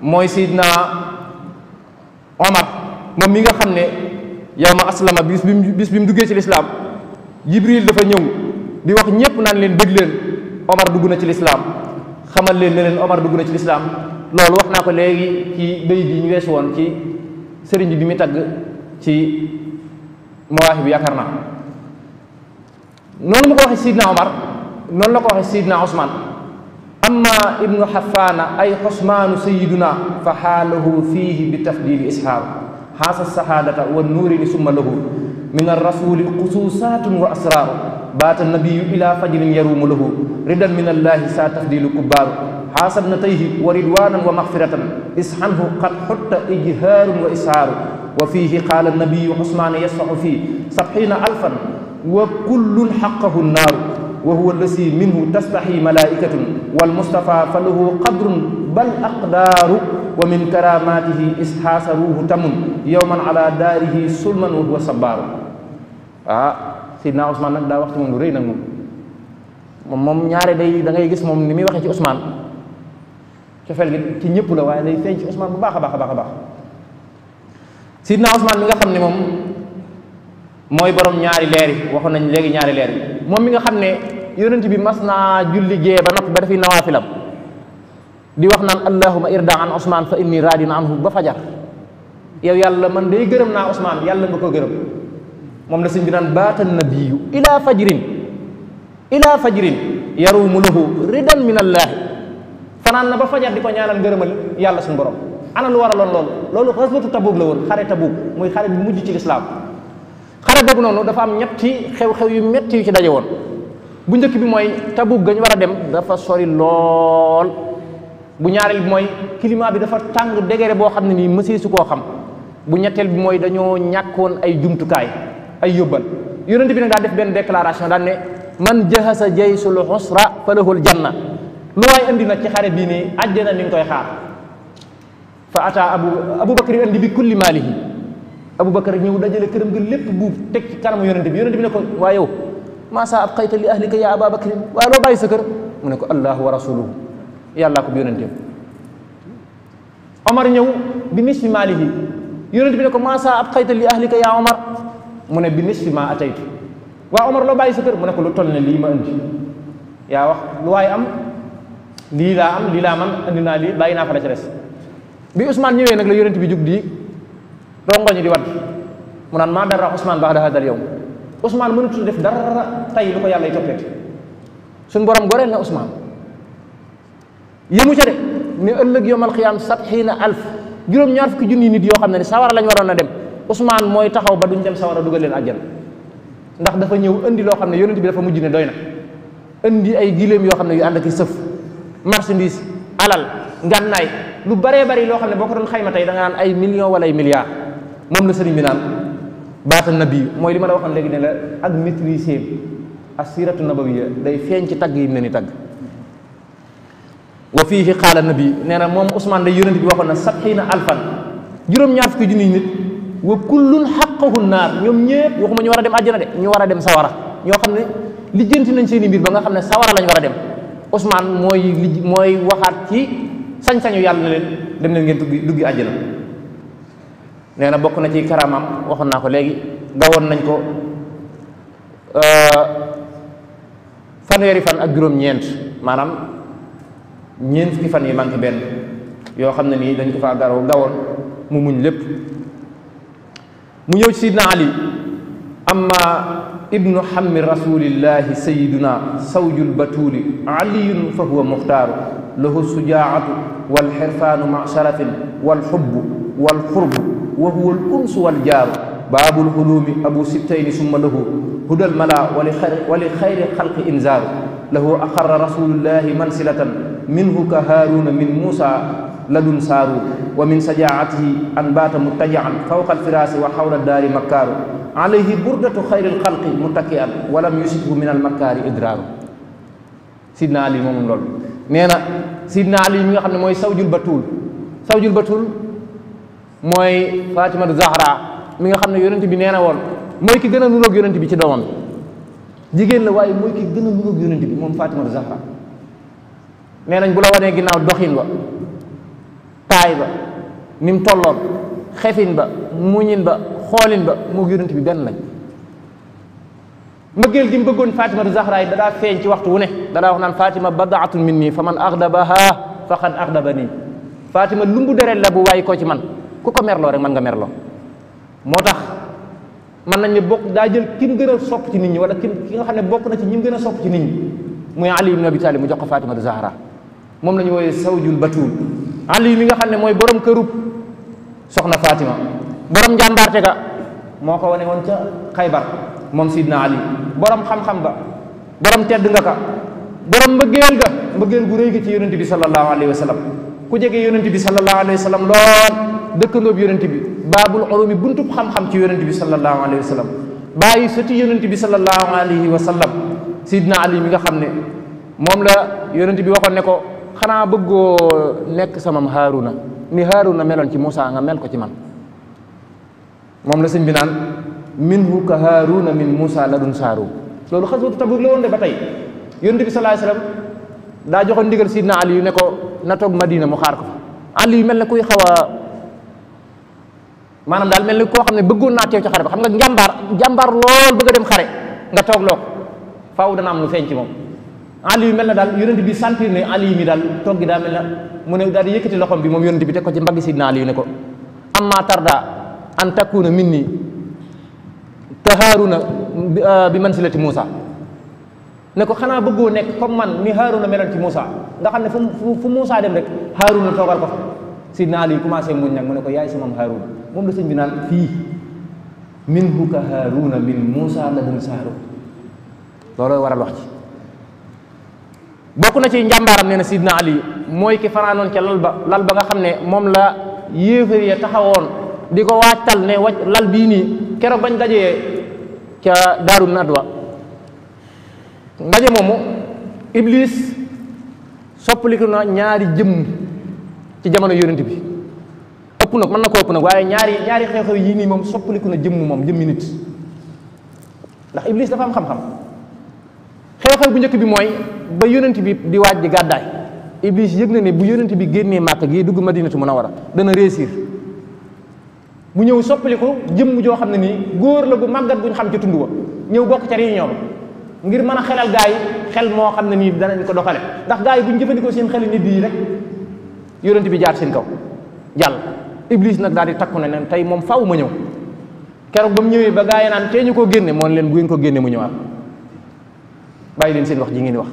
mooy sidna omar moom mi nga xam ne yow ma aslama bis bi mu bis bi mu duggee ci lislaam jibril dafa ñëw di wax ñépp naan leen bëgg leen omar dugg na ci lislaam xamal leen ne leen Omar dugg na ci lislaam loolu wax naa ko léegi ci bayit bii ñu weesu woon ci sëriñ bi bi muy tagg ci mawaaxi bi yaakaar naa noonu mu ko waxee Sidna Omar noonu la ko waxee Sidna Osman amma ibnu xafaana ay xosmaanu sayiduna fa xaalahu fiihi bi tafdili ishaaru xaasa sahaadata wa nuuri ni summa lahu min arrasuli xusuusatun wa asraaru baata nabiyu ila fajrin yaruumu lahu ridan min allaahi saa tafdilu kubbaaru xaasab na tayhi wa ridwanan wa maxfiratan isxanhu qad xutta ijhaarun wa ishaaru wa fiihi qaala nabiyu usmaana yasfaxu fii sabxiina alfan wa kullun xaqahu nnaaru wa huwa allasi minhu tastaxi malaaikatun walmustafa fa lahu qadrun bal aqdaaru wa min karaamaatihi isxaasaruuhu tamun yowman ala daarihi sulman wa huwa sabbaaru ah Sidna Ousmane nag daa wax ci moom lu rëy nag moom moom ñaare day da ngay gis moom ni muy waxee ci Ousmane cofeel gi ci ñëpp la waaye day feeñ ci Ousmane bu baax a baax a baax a baax Sidna Ousmane mi nga xam ne moom mooy borom ñaari leer yi waxoon nañ léegi ñaari leer moom mi nga xam ne yonent bi mas naa julli gee ba noppi ba dafay nawaafilam di wax naan allahuma irda an Ousmane fa inni radin anhu ba fajar yow yàlla man day gërëm naa Ousmane yàlla nga ko gërëm moom la sëñ bi naan baata nabiyu ila fajrin ila fajrin yarumu lahu ridan min allaahi fanaan na ba fajar di ko ñaanal ngërëmal yàlla suñu borom ana lu waraloon lool loolu xasbatu tabuuk la woon xare tabuuk muy xare bi mujj ci lislaam xare boobu noonu dafa am ñetti xew-xew yu metti yu ci daje woon bu njëkk bi mooy tabuuk gañ war a dem dafa sori lool bu ñaareel bi mooy climat bi dafa tàng dégere boo xam ne nii mësee su koo xam bu ñetteel bi mooy dañoo ñàkkoon ay jumtukaay ay yóbbal yonent bi na daa def benn déclaration daan ne man jahasa jaysul xusra falahul janna lu waay andi na ci xare bii nii àjjana mi ngi koy xaar fa ata abu abubakar indi bi kulli maalihi abubakar ñëw dajale këram nga lépp buub teg ci kanamu yonent bi yonent bi ne ko waa yow maa saa ab xayta li ahlika yaa aba bakrin waa loo bàyyi sa kër mu ne ko allahu wa rasuluhu yàllaa ko bi yonenteem omar ñëw bi misli ko maa ab xayta li ahlika yaa omar mu ne bi nisfi ma ataytu waa Omar loo bàyyi sa kër mu ne ko lu toll ne lii ma indi yaa wax lu waaye am lii laa am lii laa man indi naa lii bàyyi naa fa la ca des bi Ousmane ñëwee nag la yonent bi jug di rongoñu di wat mu naan maa dara Ousmane baax da dal yow Ousmane mënutu def dara tey lu ko yàlla yi toppeeti suñ borom goreel na Ousmane yëmu ca de ne ëllëg yomal xiyaam sabxiina alf juróom-ñaar fukki junni nit yoo xam ne ne sawara lañ waroon a dem Ousmane mooy taxaw ba duñ dem sawara dugal leen àjjana ndax dafa ñëw indi loo xam ne yonent bi dafa mujj ne doy na indi ay gileem yoo xam ne yu ànd ak i sëf marchandise alal ngànnaay lu baree bari loo xam ne boo ko doon xayma tey da nga ay million walla ay milliards moom la sëriñ bi naan baatal na bii mooy li ma la waxoon léegi ne la ak maîtriser asiratu nabawiya day feeñ ci tagg yi mu ne ni tagg wa fiihi qaala nabi nee na moom Ousmane day yonent bi waxoon na sabxiina juróom-ñaar wa kullun xaqahu naar ñoom ñëpp waxuma ñu war a dem àjjana de ñu war a dem sawara ñoo xam ne lijjanti nañ seen i mbir ba nga xam ne sawara lañ war a dem Ousmane mooy li mooy waxaat ci sañ-sañu yàlla na leen dem leen ngeen duggi duggi àjjana nee na bokk na ci karamam waxoon naa ko léegi gawoon nañ ko euh, fanweeri fan ak juróom-ñeent maanaam ñeent fukki fan yi manqué benn yoo xam ne nii dañ ko faa garoo gawoon mu muñ lépp mu ñëw ci sidna ali amma ibnu hammi rasulillahi sayiduna sawjul batuli aliyun fa huwa muxtaaru lahu sujaatu walxirfaanu ma sharafin walxubbu walxurbu wa huwa alunsu waljaaru baabul xuluumi abu sibtayni summa lahu hudal mala wali xayri xalqi inzaaru lahu axarra rasulullahi mansilatan minhu ka haaruna min muusa ladun saaru wa min sajaatihi an baata muttajaan fawqa alfiraasi wa xawla daari makkaaru alayhi burdatu xayri lxalqi muttaki an walam yusibhu min almakkaari idraaru sidna ali moomum loolu nee na sidna ali mi nga xam ne mooy sawjul batuul sawjul batuul mooy fatimatu zahra mi nga xam ne yonent bi nee na woon mooy ki gën a nuroog yonent bi ci doomam jigéen la waaye mooy ki gën a nuru ak yonent bi moom Fatimatu Zahra nee nañ bu la wanee ginnaaw doxin ba taay ba ni mu tolloon xefin ba muñin ba xoolin ba moo yonent bi benn lañ mbëggeel gi mu bëggoon Fatimatu Zahra yi da daa feeñ ci waxtu wu ne da daa wax naan Fatima badaatun min nii fa man axdabaha faqad axdaba nii Fatima lumbu deret la bu waayi ko ci man ku ko merloo rek man nga merloo moo tax mën nañ ne bokk daa jël kim gën a sopp ci nit ñi wala kim ki nga xam ne bokk na ci ñim gën a sopp ci nit ñi muy ali ibn abi talib mu jox ko fatimatu zahra moom la ñu wooyee sawjul batul ali mi nga xam ne mooy borom kërub soxna fatima borom njàmbaarte ga moo ko wane woon ca xaybar moom sidna ali borom xam-xam ba borom tedd nga ka borom mbëggeel ga mbëggeel gu réy gi ci yonente bi sallallahu alayhi wa sallam ku jege yonente bi sallallahu alayhi wa sallam lool dëkkandoob yonent bi baabul ulumi buntub xam-xam ci yonent bi sallallahu alayhi wa sallam bàyyi sëti yonent bi sallallahu alayhi wa sallam sidna ali mi nga xam ne moom la yonent bi waxoon ne ko xanaa bëggoo nekk samam haaruna ni haaruna meloon ci Moussa nga ko ci man moom la sëñ bi naan minhu ka la dun saaru loolu xaswatu Tabuk la woon tey yonent bi sallallahu alayhi wa sallam daa joxoon ndigal sidna yu ne ko na toog madina mu xaar ko fa ali mel ne kuy xaw maanaam daal mel ni koo xam ne bëggoon naa teew ci xare ba xam nga jàmbaar jàmbaar lool bëgg dem xare nga toog loo ko faaw dana am lu feeñ ci moom ali yu mel na daal yonent bi sentir ne ali yi mi daal toog gi daa mel na mu ne daal di yëkkati loxom bi moom yonent bi teg ko ci mbagg sidna ali yu ne ko amma tarda an takuna minni tahaaruna bi ah, mansilati Muusa ne ko xanaa bëggoo nekk comme man ni Haaruna meloon ci Muusa nga xam ne fu fu Muusa dem rek Haaruna toogal ko fa sidna ali commencé muñ nag mu ne ko yaay si moom Haaruna moom la sëñ bi naan fii min huka haaruna min muusa ladun saaru loolooy waral wax ci bokk na ci njàmbaaram nee na sidna ali mooy ki fanaanoon ca lal ba lal ba nga xam ne moom la yéefar ya taxawoon di ko waajtal ne waj lal bii nii keroog bañ dajee ca daaru nadwa ndaje moomu iblis soppaliku na ñaari jëmm ci jamono yonent bi ëpp nag na ko ëpp nag waaye ñaari ñaari xew-xew yii nii moom soppaliku na jëmm moom jëmmi nit ndax iblis dafa am xam-xam xew-xew bu njëkk bi mooy ba yonent bi di waaj di gàddaay iblis yëg na ne bu yonent bi génnee màkk gi dugg madinatu munawara dana réussir mu ñëw soppaliku jëmm joo xam ne nii góor la bu màggat bu ñu xam ci tund ñëw bokk ca réunion ba ngir mën a xelal gaa yi xel moo xam ne nii danañ ko doxale ndax gaa yi ñu jëfandikoo seen xel nit yi rek yonent bi jaar seen kaw jàll iblis nag daal di takku na ne tey moom faw ma ñëw keroog ba mu ñëwee ba gaa yi naan tey ñu ko génne moon leen bu ngeen ko génne mu ñëwaat bàyyi leen seen wax ji ngeen wax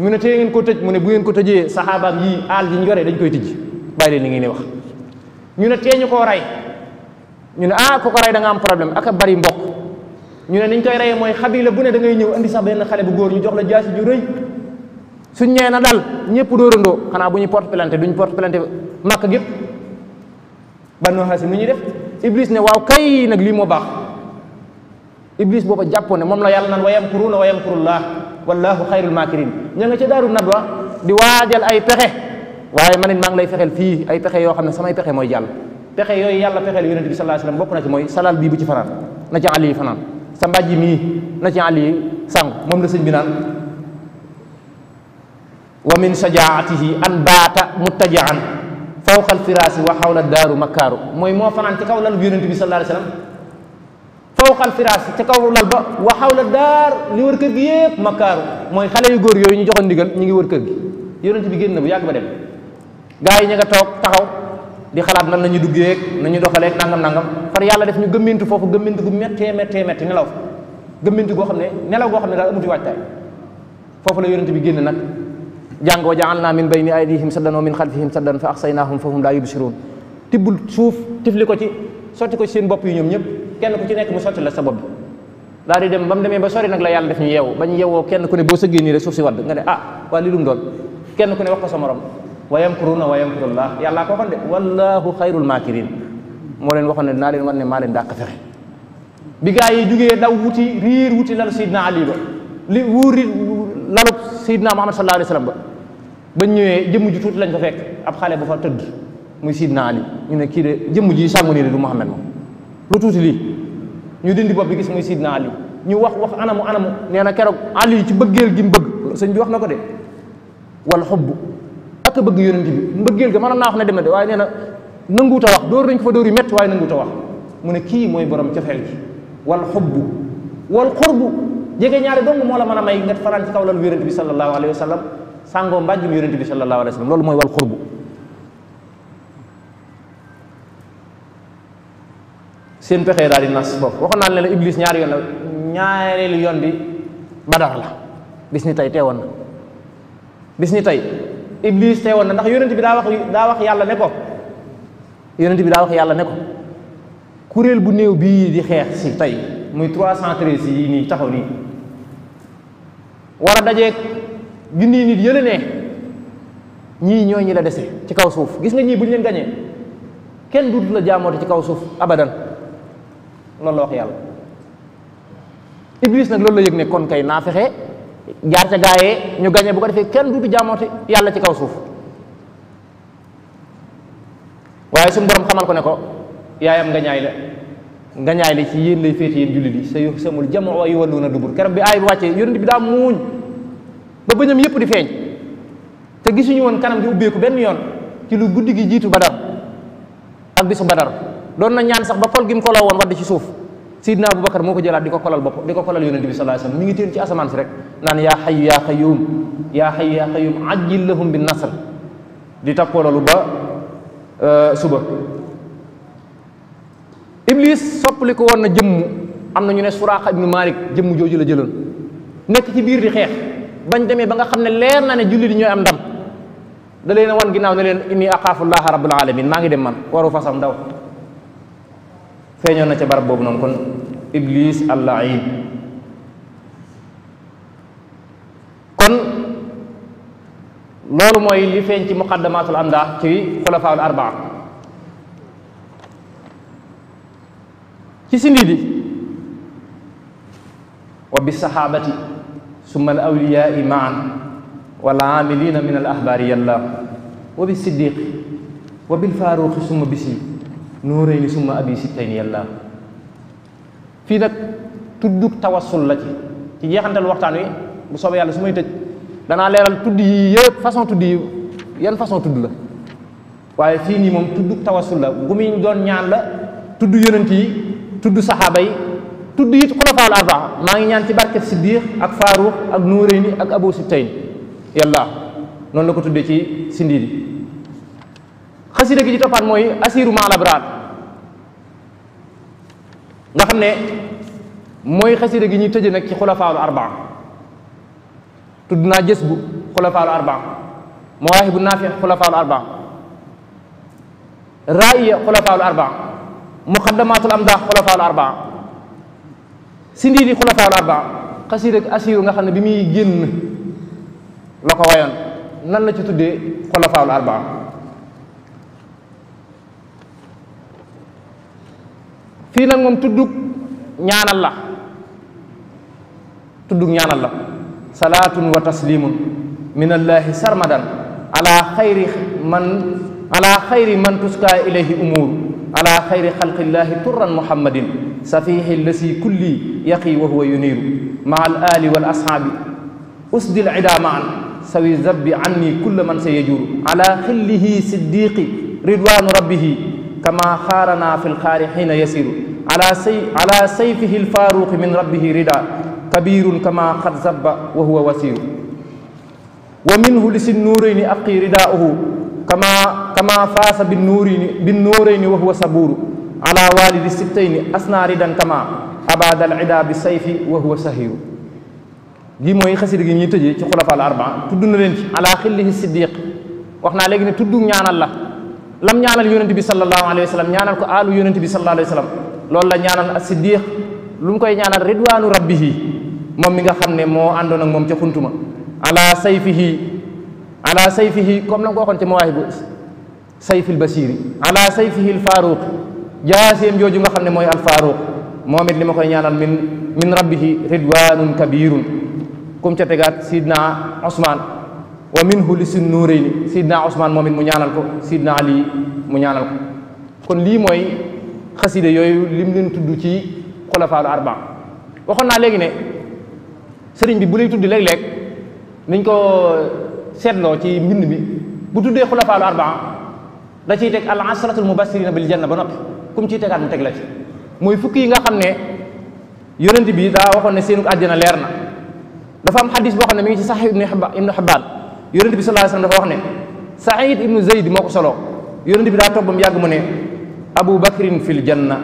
mu ne tey ngeen koo tëj mu ne bu ngeen ko tëjee saxaabaam yi aal yi ñu yoree dañ koy tijji bàyyi leen li ngeen di wax ñu ne tey ñu koo rey ñu ne ah ku ko rey da am problème aka bari mbokk ñu ne niñ koy reyee mooy xabila bu ne dangay ñëw indi sax benn xale bu góor ñu jox la jaasi ju rëy suñ ñëwee na dal ñëpp dóorandoo xanaa bu ñu porte plainte duñ porte plainte màkk gépp banu haasim ni ñuy def iblis ne waaw kay nag lii moo baax iblis booba jàppoon ne moom la yàlla naan wa yamkuruuna wa yamkurullah wallahu xayrul makirin ña nga ca daaru nadwa di waajal ay pexe waaye man it maa ngi lay fexeel fii ay pexe yoo xam ne samay pexe mooy jàll pexe yooyu yàlla pexeel yonente bi sallallahu alayhi wasallam bokk na ci mooy salal bii bu ci fanaan na ci àll yi fanaan sa mbàjji mii na ci àll yi sànq moom la sëñ bi naan wa min sajaatihi an baata muttajaan fawqa alfiraasi wa xawla daaru makkaaru mooy moo fanaan ci kaw lal bu yonent bi sallallahu alayhi wasallam fawqa alfiraasi ca kaw lal ba wa xawla daar li wër kër gi yëpp makkaaru mooy xale yu góor yooyu ñu joxoon ndigal ñu ngi wër kër gi yonent bi génn na bu yàgg ba dem gaa yi ña nga toog taxaw di xalaat nan la ñu duggeeg nañu doxaleeg nangam nangam far yàlla def ñu gëmmintu foofu gëmmintu gu méttee méttee métti nelaw fa gëmmintu goo xam ne nelaw goo xam ne daal amuti waajtaay foofu la yonent bi génn nag jàng wa ja'alna min bayni aydihim saddan min xalfihim saddan fa axsaynaahum fa hum laa yubsiruun tibbul suuf tifli ko ci sotti ko ci seen bopp yi ñoom ñëpp kenn ku ci nekk mu sotti la sa bopp bi daal di dem ba mu demee ba sori nag la yàlla def ñu yeewu ba ñu kenn ku ne boo sëggee nii rek suuf si wadd nga ne ah waa li doon kenn ku ne wax ko sa wa yamkuruuna wa yamkurullah yàllaa ko waxoon de wallahu xayrul maakirin moo leen waxoon ne dinaa leen wan ne maa leen dàq lalub Seydina Muhammad sallallahu alayhi wa sallam ba bañ ñëwee jëmm ju tuuti lañ fa fekk ab xale bu fa tëdd muy Seydina Ali ñu ne kii de jëmm ji sàngu nii de du Muhammad moom lu tuuti lii ñu dindi bopp bi gis muy Seydina Ali ñu wax wax anamu anamu nee na keroog Ali ci bëggeel gi mu bëgg sëñ bi wax na ko de wal xubb ak bëgg yonent bi mbëggeel ga mënoon naa wax ne dem de waaye nee na nanguut a wax dóor nañ ko fa dóor yu métti waaye nanguut a wax mu ne kii mooy borom cofeel gi wal xubb wal xurbu jege ñaare dong moo la mën a may nga fanaan ci kaw lan yonent bi sallallahu alayhi wa sallam sàngoo mbàjjum yonent bi sallallahu alayhi wa sallam loolu mooy wal xurbu seen pexee daal di nas foofu waxoon naa ñaari yoon la ñaareelu yoon bi badar la bis ni tey teewoon na bis ni tey iblis teewoon na ndax yonent bi daa wax daa wax yàlla ne ko yonent bi daa wax yàlla ne ko kuréel bu néew bii di xeex si tey muy 313 yi nii taxaw nii war a dajeeg junni nit yële ne ñii ñoo ñi la dese ci kaw suuf gis nga ñii bu ñu leen gañee kenn duutu la jaamooti ci kaw suuf abadan loolu la wax yàlla iblis nag loolu la yëg ne kon kay naa fexe jaar ca gaayee ñu gañee bu ko defee kenn duutu jaamooti yàlla ci kaw suuf waaye suñu borom xamal ko ne ko yaayam nga la ngañaay li ci yéen lay féete yéen jullit yi sa yu samul jama wa yu walluuna dubur keroog bi aay bi wàccee yonent bi daa muuñ ba bëñam yépp di feeñ te gisuñu woon kanam di ubbeeku benn yoon ci lu guddi gi jiitu badar ak bisu badar doon na ñaan sax ba kol gi mu koloo woon wadd ci suuf naa sidna abubakar moo ko jëlaat di ko kolal bopp di ko kolal yonent bi sallallahu alayhi wasallam mi ci asamaan si rek naan yaa xayu yaa xayuum yaa xayu yaa xayuum ajjil euh, suba iblis soppali ko woon na jëmm am na ñu ne suraaqa ibnu malik jëmm jooju la jëloon nekk ci biir di xeex bañ demee ba nga xam ne leer na ne jullit ñooy am ndam da leen wan ginnaaw ne leen inni axaafullaha rabbul alamin maa ngi dem man waru fasam daw feeñoon na ci barab boobu noonu kon iblis allaib kon loolu mooy li feeñ ci muqaddamatul amda ci xulafaul arbaa ci si ndiidi wa bisaxaabati summa al awliyaai maan wal aamilina min al ahbaari wa bi siddiqi wa bil faaruqi summa bisi nuurayni summa abi sittayni yàlla fii nag tuddug tawassul la ci ci jeexantal waxtaan wi bu soobee yàlla su may tëj danaa leeral tudd yi yëpp façon tudd la waaye fii nii moom tuddug tawassul la gu doon ñaan la tudd yonent yi tudd saxaaba yi tudd it xulafaal arbaa maa ngi ñaan ci barkeb siddiq ak faaruux ak nuurayni ak abu sibtayn yàlla noonu la ko tuddee ci sindiidi xasida gi ci toppaat mooy asiru maa labraar nga xam ne mooy xasida gi ñuy tëje nag ci xulafaalu arbaa tudd naa jës bu xulafaalu arbaa mawaahibu naafi xulafaalu arbaa raaya xulafaalu arbaa muqaddamatul amdaax xulafaal arbaa si ndiidi arbaa xasiid asiiru nga xam ne bi muy génn la wayoon nan la ci tudde xulafaal arbaa fii nag moom tuddug ñaanal la tuddug ñaanal la salaatun wa taslimun min allaahi sarmadan ala xayri man ala xayri man tuskaa ilayhi umuur ala xayri xalqillaahi turran muhammadin safiixi lasi kulli yaqi wa huwa yuniiru maa al aali wal ashaabi usdil ida maan sawi zabbi anni kulla man sa yajuuru ala xillihi siddiqi ridwaanu rabbihi kama xaaranaa fi lxaari xiina yasiru ala say ala sayfihi lfaaruqi min rabbihi rida kabirun kama xad zabba wa huwa wasiru wa minhu lisi nuurayni abqi ridaa'uhu kama kama faasa bi nuuri bi nuurayni wa huwa sabuuru ala walidi sibtayni asna ridan kama abadal ida bi sayfi wa huwa sahiru lii mooy xasida gi ñuy tëjee ci xulafaal arbaa tudd na leen ci ala xillihi siddiq wax naa léegi ne tudd ñaanal la lam ñaanal yonent bi sallallahu alayhi wa sallam ñaanal ko aalu yonent bi sallallahu alayhi wa loolu la ñaanal as-siddiq lu mu koy ñaanal ridwaanu rabbihi moom mi nga xam ne moo àndoon ak moom ca xuntuma ala sayfihi ala sayfihi comme la nga ko waxoon ci mawaahibu sayfil basiri ala sayfihi al faaruq jaaseem jooju nga xam ne mooy al faaruq moom it li ma koy ñaanal min min rabbihi ridwanun kabirun kum ca tegaat sidna Ousmane wa minhu li sin nuurayni sidna Ousmane moom mu ñaanal ko sidna Ali mu ñaanal ko kon lii mooy xasida yooyu lim leen tudd ci xulafaalu arba waxoon naa léegi ne sëriñ bi bu lay tudd léeg-léeg niñ ko seetloo ci mbind mi bu tuddee xulafaalu arbaa da ciy teg al asratul mubassirina bil janna ba noppi kum ciy tegaat mu teg la ci fukki yi nga xam ne yonent bi daa waxoon ne seenu àddina leer na dafa am xadis boo xam ne mi ngi ci saxih ibnu xibaan yonent bi sallallahu alayhi wasallam dafa wax ne saïd ibnu zeyd moo ko solo yonent bi daa toog yàgg mu ne abu fi fil janna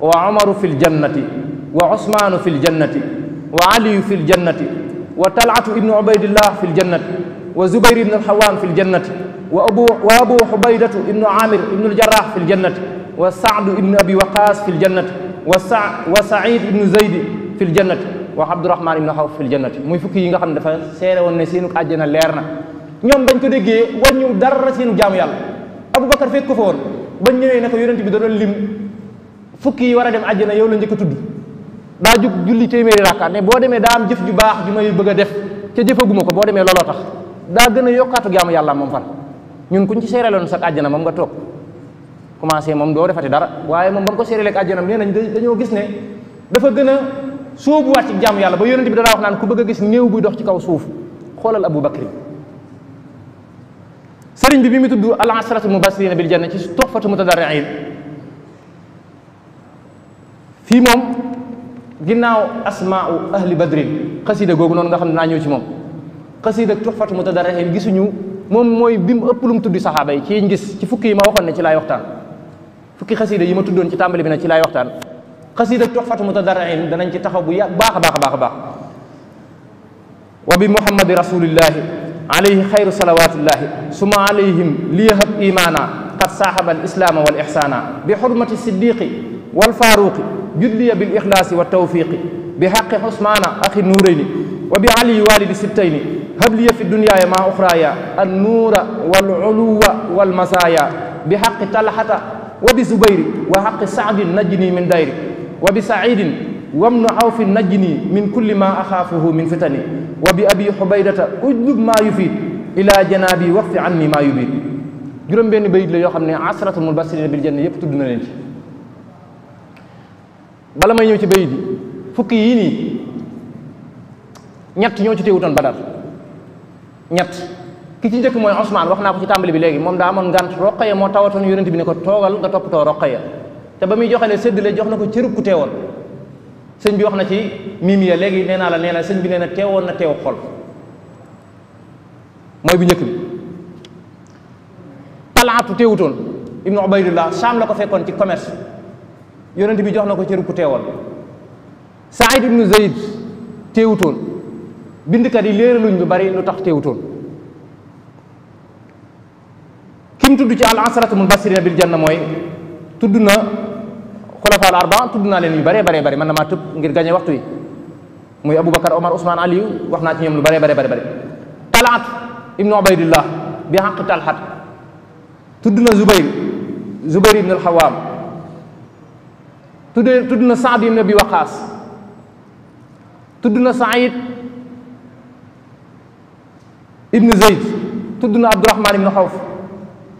wa omaru fil jannati wa osmaanu fil jannati wa aliyu fil jannati wa talatu ibnu ubaydillah wa zubayr ibnu alxawaam fi ljannati wa abu wa abu xubaydatu ibnu amir ibnu aljaraax fi ljannati wa saadu ibnu abi waqaas fi ljannati wa sa wa said ibnu zaydi fi ljannati wa abdurahmaan ibnu xawf fi ljannati muy fukki yi nga xam ne dafa seere woon ne seenu àjjana leer na ñoom bañ ko déggee wàññiwul dara seenu jaamu yàlla abu bakar fekk ko fa woon bañ ñëwee ne ko yonent bi da doon lim fukki yi war a dem àjjana yow la njëkk a tudd daa jug julli téeméeri rakkaat ne boo demee daa am jëf ju baax ju may bëgg a def ca jëfaguma ko boo demee looloo tax daa gën a yokkaatu jaamu yàlla moom fan ñun kuñ ci séeraloon sax àjjana moom nga toog commencé moom doo defati dara waaye moom ba ko séeralee ka àjjanam nee nañ dañoo gis ne dafa gën a sóobuwaat ci jaamu yàlla ba yonent bi danaa wax naan ku bëgg a gis néew buy dox ci kaw suuf xoolal Abu Bakri sëriñ bi bi mu tudd al asratu mubasirina bil janna ci tuhfatu mutadarriin fii moom ginnaaw asmaau ahli badrin xasida googu noonu nga xam ne naa ñëw ci moom xasiid ak tuxfatu mutadarrihin gisuñu moom mooy bi mu ëpp lu mu tuddi saxaaba ci yiñ gis ci fukki yi ma waxoon ne ci laay waxtaan fukki xasiida yi ma tuddoon ci tàmbali bi ne ci laay waxtaan xasiid ak tuxfatu mutadarrihin danañ ci taxa bu yàgg baax a baax a baax a baax wa bi muhammadi rasulillahi alayhi xayru salawatullahi suma alayhim liyahab imaana qad saaxaba al islaama wal ixsaana bi xurmati siddiqi wal faaruqi julliya bil ixlaasi wa tawfiqi bi xaqi xusmaana axi nuurayni wa bi aliyi walidi sibtayni habliya fi dunyaaya maa uxraaya an nuura wal uluwa wal masaaya bi xaqi talxata wa bi zubayri wa xaqi saadin najjini min dayri wa bi saidin wamnu awfin najjini min kulli ma axaafuhu min fitani wa bi abi xubaydata ujlub maa yufiid ila janaabi waqfi anni maa yubiid juróom benn bayit la yoo xam ne asratul mubasirina bil janna yëpp tudd na leen ci bala may ñëw ci bayit bi fukki yii nii ñett ñoo ci teewutoon badar ñett ki ci njëkk mooy Ousmane wax naa ko ci tàmbali bi léegi moom daa amoon ngànt Roqaya moo tawatoon yonent bi ne ko toogal nga toppatoo Roqaya te ba muy joxalee séddale jox na ko cërub ku teewoon sëñ bi wax na ci mim léegi nee naa la nee na sëñ bi nee na teewoon na teew xol mooy bu njëkk bi talaatu teewutoon ibnu Ubaydullah saam la ko fekkoon ci commerce yonent bi jox na ko cëru ku teewoon Saïd ibnu Zayd teewutoon bindkat yi léeraluñ lu bari lu tax teewutoon kim tudd ci al asratu munbasirina bil janna mooy tudd na xulafa al arba tudd naa leen yu baree baree bari man na maa tëb ngir gañe waxtu yi muy Aboubacar Omar Ousmane Aliou wax naa ci ñoom lu baree baree bari talaat ibnu Ubaydillah bi xaq talxat tudd na Zubayr Zubayr ibnu al tuddee tudd na Saad ibn Abi Waqaas tudd na Saïd ibn Zayd tudd na Abdurahmaan ibn Xawf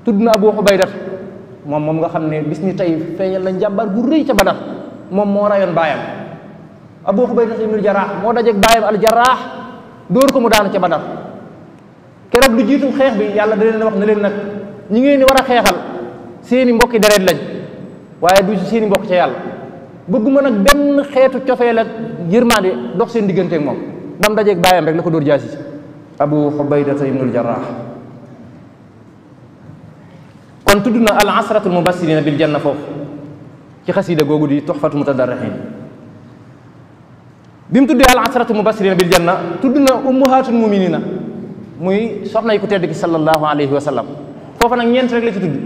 tudd na Abu Xubaydat moom moom nga xam ne bis ni tey feeñal lañ njàmbaar gu rëy ca Badar moom moo rayoon baayam Abu Xubaydat ibnul Jaraax moo dajeeg baayam al Jaraax dóor ko mu daanu ca Badar keroog lu jiitu xeex bi yàlla da leen wax na leen nag ñi ngeen war a xeexal seeni mbokki deret lañ waaye du seeni mbokk ca yàlla bëgguma nag benn xeetu cofeel ak yërmaande dox seen digganteeg moom ba mu dajeeg baayam rek la ko dóor jaasi abu xubaydata ibnul jarraax kon tudd na al asratul mubassirina bil janna foofu ci xasida googu di tuxfatu mutadarrixin bi mu tuddee al asratu mubassirina bil janna tudd na ummahatul muminina muy soxna yi ku tedd ki sallallahu alayhi wa sallam foofu nag ñeent rek la ci tudd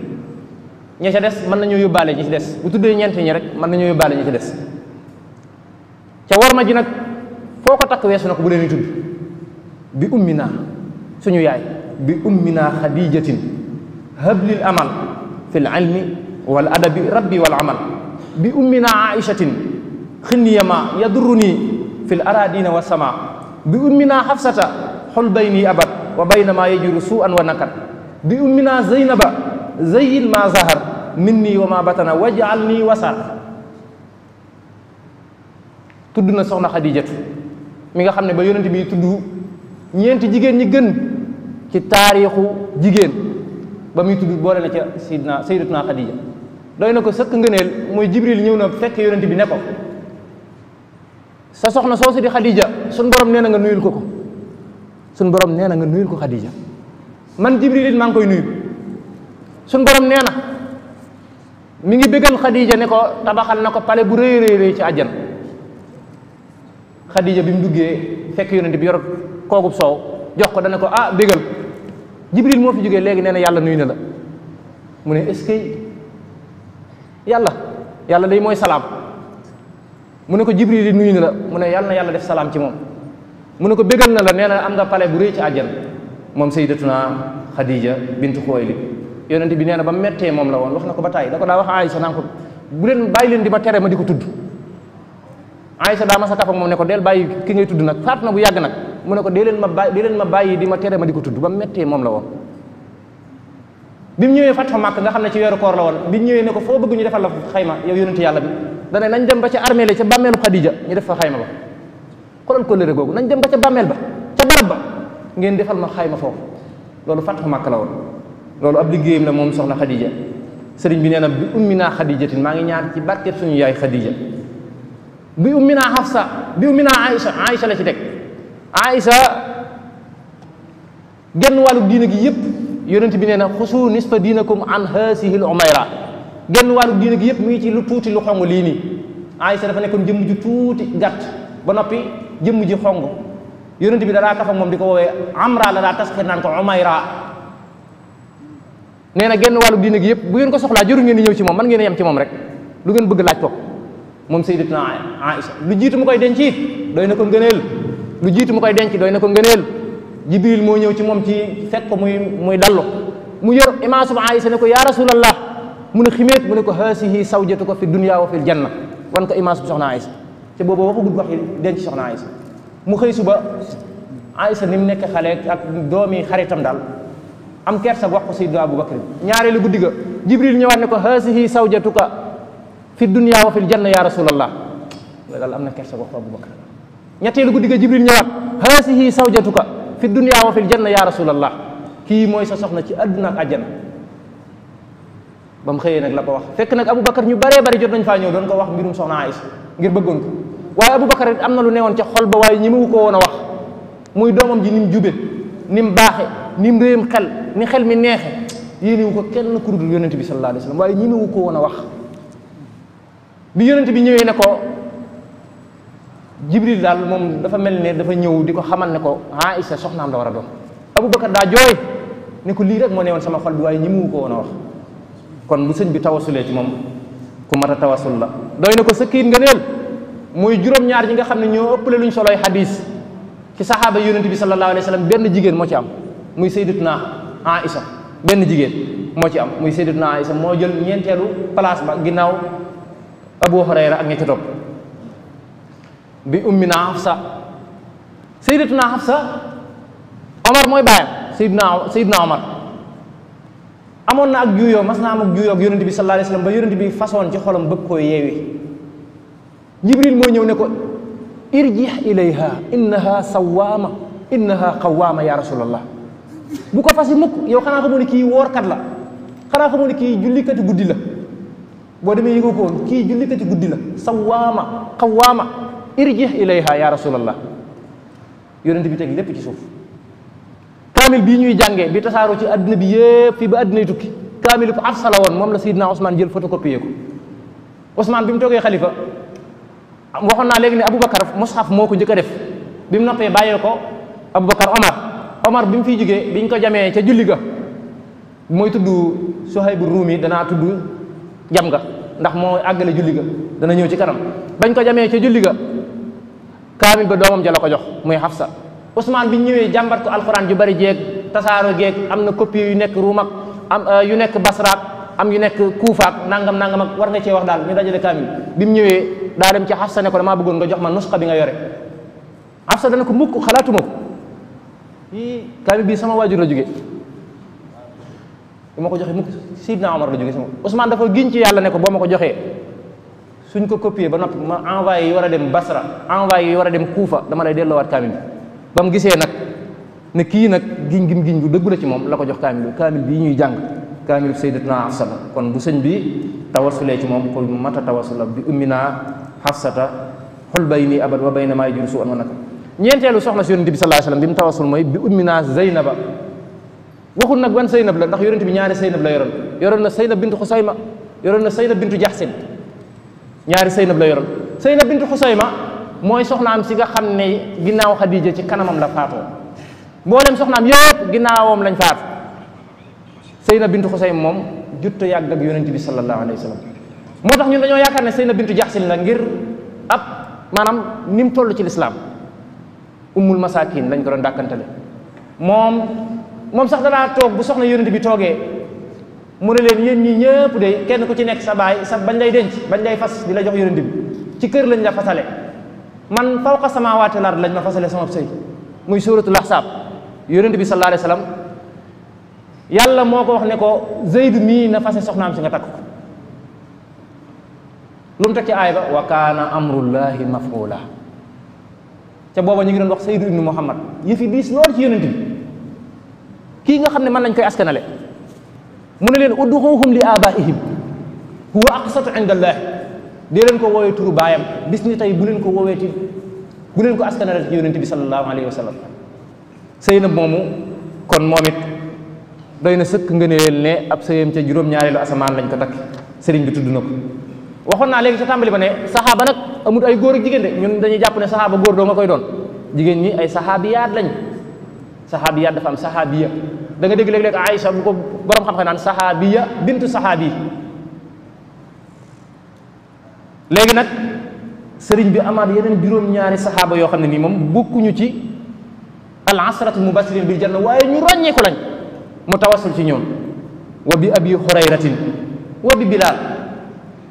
ñi ca des mën nañoo yóbbaale ñi ci des bu tuddee ñeent ñi mën nañoo yóbbaale ñi ci des ca war ma ji nag foo ko takk weesu na ko bu leen tudd bi ummi naa suñu yaay bi ummi naa xadijatin hablil amal fi l ilmi wal adabi rabbi wal amal bi ummi naa aichatin xinniyama yadurru nii fi l wa sama bi ummi naa xafsata xol bayni abad wa baynama yajuru suu an wa nakar bi ummi naa zeynaba zeyin ma zahar minni wa ma batana wajaal nii wasaar tudd na soxna xadijatu mi nga xam ne ba yonent bi tudd ñeenti jigéen ñi gën ci taarixu jigéen ba muy tudd boole na ca sayidna sayidatuna xadija doy na ko sëkk ngëneel mooy jibril ñëw na fekk yonent bi ne ko sa soxna soosu di xadija suñ borom nee na nga nuyul ko ko suñ borom nee na nga nuyul ko xadija man jibril it koy nuyu suñ borom nee mi ngi bégal Khadija ne ko tabaxal na ko pale bu rëy rëy rëy ci àjjan Khadija bi mu duggee fekk yonent bi yor koogub soow jox ko dana ko ah bégal Jibril moo fi jógee léegi nee na yàlla nuyu na la mu ne est yàlla yàlla day mooy salaam mu ne ko Jibril yi nuyu na la mu ne yàlla na yàlla def salaam ci moom mu ne ko bégal na la nee na am nga pale bu rëy ci àjjan moom sayyidatuna Khadija bintu Xuwaylid yonent bi nee na ba mettee moom la woon wax na ko ba tàyyi da ko daa wax Aïsa naan ko bu leen bàyyi leen di ma tere ma di ko tudd Aïsa daa ma sa kaf ak moom ne ko del bàyyi ki ngay tudd nag faat na bu yàgg nag mu ne ko dee leen ma bàyyi ma bàyyi di ma tere ma di ko tudd ba mettee moom la woon bi mu ñëwee fat fa màkk nga xam ne ci weeru koor la woon bi ñëwee ne ko foo bëgg ñu defal la xayma yow yonent yàlla bi dane nañ dem ba ca armeel ca bàmmeelu Xadija ñu def fa xayma ba xoolal kóllëre googu nañ dem ba ca bàmmeel ba ca ngeen defal ma xayma foofu loolu fat fa la woon loolu ab liggéeyam la moom soxna Khadija sëriñ bi nee na bi ummi naa Khadijatin maa ngi ñaan ci barket suñu yaay Khadija bi ummi naa Hafsa bi ummi naa Aïcha Aïcha la ci teg Aïcha genn wàllu diina gi yëpp yonent bi nee na xusu nisfa diinakum an haasihil umayra genn wàllu diina gi yëpp mu ngi ci lu tuuti lu xong lii nii Aïcha dafa nekkoon jëmm ju tuuti gàtt ba noppi jëmm ji xong yonent bi dalaa kafa moom di ko woowee amra la daa tasxir naan ko umayra nee na genn wàllu diine gi yëpp bu ngeen ko soxlaa jëru ngeen di ñëw ci moom man ngeen yem ci moom rek lu ngeen bëgg laaj ko moom sayyidatuna Aïcha lu jiitu mu koy denc it doy na ko ngëneel lu jiitu mu koy denc doy na ko ngëneel jibril moo ñëw ci moom ci fekk ko muy muy dallu mu yor imaasu Aïcha ne ko yaa rasulallah mu ne ximeet mu ne ko haasihi sawjatu ko fi dunya wa fil janna wan ko imaasu soxna Aïcha te boobu waxagul wax yi denc soxna Aïcha mu xëy suba Aïcha ni mu nekk xale ak doomi xaritam daal am kersa wax ko sayyidina Abu Bakr ñaareelu guddi ga Jibril ñëwaat ne ko haasihi sawjatuka fi dunya wa fil janna am na kersa wax ko Abu Bakr ñetteelu guddi ga Jibril ñëwaat haasihi sawjatuka fi dunya wa ya rasulallah kii mooy sa soxna ci àdduna ak àjjana ba mu xëyee nag la ko wax fekk nag Abu Bakr ñu bare bari jot nañ faa ñëw doon ko wax mbirum soxna Aïsa ngir bëggoon ko waaye Abu Bakr am na lu newoon ca xol ba waaye ñi mu ko woon a wax muy doomam ji ni jube ni mu baaxe ni mu réyam xel ni xel mi neexe yéenewu ko kenn ku dul yonent bi sallallahu alayhi wa sallam waaye ñimewu ko woon a wax bi yonent bi ñëwee ne ko jibril daal moom dafa mel ne dafa ñëw di ko xamal ne ko Aïcha soxnaam la war a doon Aboubacar daa jooy ne ko lii rek moo ne newoon sama xol bi waaye ñimewu ko woon a wax kon bu sëñ bi tawasulee ci moom ku mat a tawasul la doy na ko sa kiit nga neel muy juróom-ñaar ñi nga xam ne ñoo ëppale luñ soloy xadis ci saxaaba yonent bi sallallahu alayhi wa sallam benn jigéen moo ci am muy sayyidatuna Aïsa moo ci am muy sayyidatuna moo jël ñeenteelu place ginnaaw Abu Hurayra ak ña ca topp bi ummina Hafsa sayyidatuna Hafsa Omar mooy baayam sayyidna sayyidna Omar juuyoo mas naa am ak juuyoo ak yonent bi sallallahu alayhi ba yonent bi façon ci xolam bëgg koo yeewi Jibril moo ñëw ne ko irjih ilayha innaha sawaama innaha qawaama ya rasulallah bu ko fasi mukk yow xanaa xamoo ne kii woorkat la xanaa xamoo ne kii jullikati guddi la boo demee yëgoo ko woon kii jullikati guddi la sawaama qawaama irjih ilayha ya rasulallah yonent bi teg lépp ci suuf kaamil bii ñuy jàngee bi tasaaroo ci àddina bi yëpp fii ba àddinay tukki kaamil bu afsala woon moom la Seydina Ousmane jël photocopier ko Ousmane bi mu toogee xalifa waxoon naa léegi ne Aboubacar mushaf moo ko jëkka def bi mu noppee bàyyee ko Aboubacar Omar Omar bi mu fiy jógee biñ ko jamee ca julli ga mooy tudd Suhaybu Ruumi danaa tudd jam nga ndax moo àggale julli ga dana ñëw ci kanam bañ ko jamee ca julli ga kaamil ba doomam ja ko jox muy Hafsa Ousmane bi ñu ñëwee jàmbat ko alxuraan ju bari jeeg tasaaro geeg am na copie yu nekk Ruum ak am euh, yu nekk Basra am yu nekk kuufaak nangam nangama war nga cee wax daal ñu dajale kaamil bi mu ñëwee daa dem ci Xafsa ne ko damaa bëggoon nga jox ma nusxa bi nga yore Xafsa dana ko mukk xalaatuma ko yii kaamil bii sama waajur la jóge bu ma ko joxee mukk Sidna Omar la jóge sama Ousmane dafa giñ yàlla ne boo ma ko joxee suñ ko copier ba noppi ma envoyé yi war a dem Basra envoyé yi war dem Kuufa dama lay delloowaat kaamil bi ba gisee nag nekkii nag giñ gim giñ bu dëggu la ci moom la ko jox kaamil bi kaamil bii ñuy jàng kaamil sayyidatuna Hafsa la kon bu sëñ bi tawasulee ci moom ko mat a tawasula bi ummina Hafsata xol bay nii abad wa bay na maay jur su an wa naka ñeenteelu soxna si yonente bi sallallahu alayhi wasallam bi mu tawasul mooy bi ummina Zeynaba waxul nag ban Zeynab la ndax yonente bi ñaari Zeynab la yoroon yoroon na Zeynab bintu Xusayma yoroon na Zeynab bintu Jaxsin ñaari Zeynab la yoroon Zeynab bintu Xusayma mooy soxnaam si nga xam ne ginnaaw Xadija ci kanamam la faatoo Seyna bintu Xusay moom jutta yàgg ak yonent bi sallallahu alayhi wa sallam moo tax ñun dañoo yaakaar ne Seyna bintu Jaxsin la ngir ab maanaam ni mu toll ci lislaam ummul masaakin lañ ko doon dàkkantale moom moom sax danaa toog bu soxna yonent bi toogee mu ne leen yéen ñi ñëpp de kenn ku ci nekk sa baay sa bañ lay denc bañ lay fas di la jox yonent bi ci kër lañ la fasale man fawqa samaawaati wal ard lañ la fasale sama sëy muy suuratul ahsaab yonent bi sallallahu alayhi wa sallam yàlla moo ko wax ne ko Zayd mii na fase soxnaam si nga takk ko lu mu teg ci aay ba wa kaana amrullahi mafula ca booba ñu ngi doon wax Saydu ibnu Muhammad yëfi diis lool ci yonent bi kii nga xam ne mën nañ koy askanale mu ne leen udduxuuhum li abaihim huwa aqsatu inda allaahi dee leen ko woowee turu baayam bis ni tey bu leen ko woowee ci bu leen ko askanale ci yonent bi sallallahu alayhi wa sallam Seynab moomu kon moom doy na sëkk nga ne leen ab sëyam ca juróom-ñaareelu asamaan lañ ko takk sëriñ bi tudd na ko waxoon naa léegi ca tàmbali ba ne saxaaba nag amut ay góor ak jigéen de ñun dañuy jàpp ne saxaaba góor doo nga koy doon jigéen ñi ay saxaabiyaat lañ saxaabiyaat dafa am saxaabiya da nga dégg léeg-léeg Aïcha ko borom xam-xam naan saxaabiya bintu saxaabi léegi nag sëriñ bi amaat yeneen juróom-ñaari saxaaba yoo xam ne nii moom bokkuñu ci al asratu mubashirin bil janna waaye ñu ràññeeku lañ mu tawasul ci ñoom wa bi abi xurayratin wa bi bilaal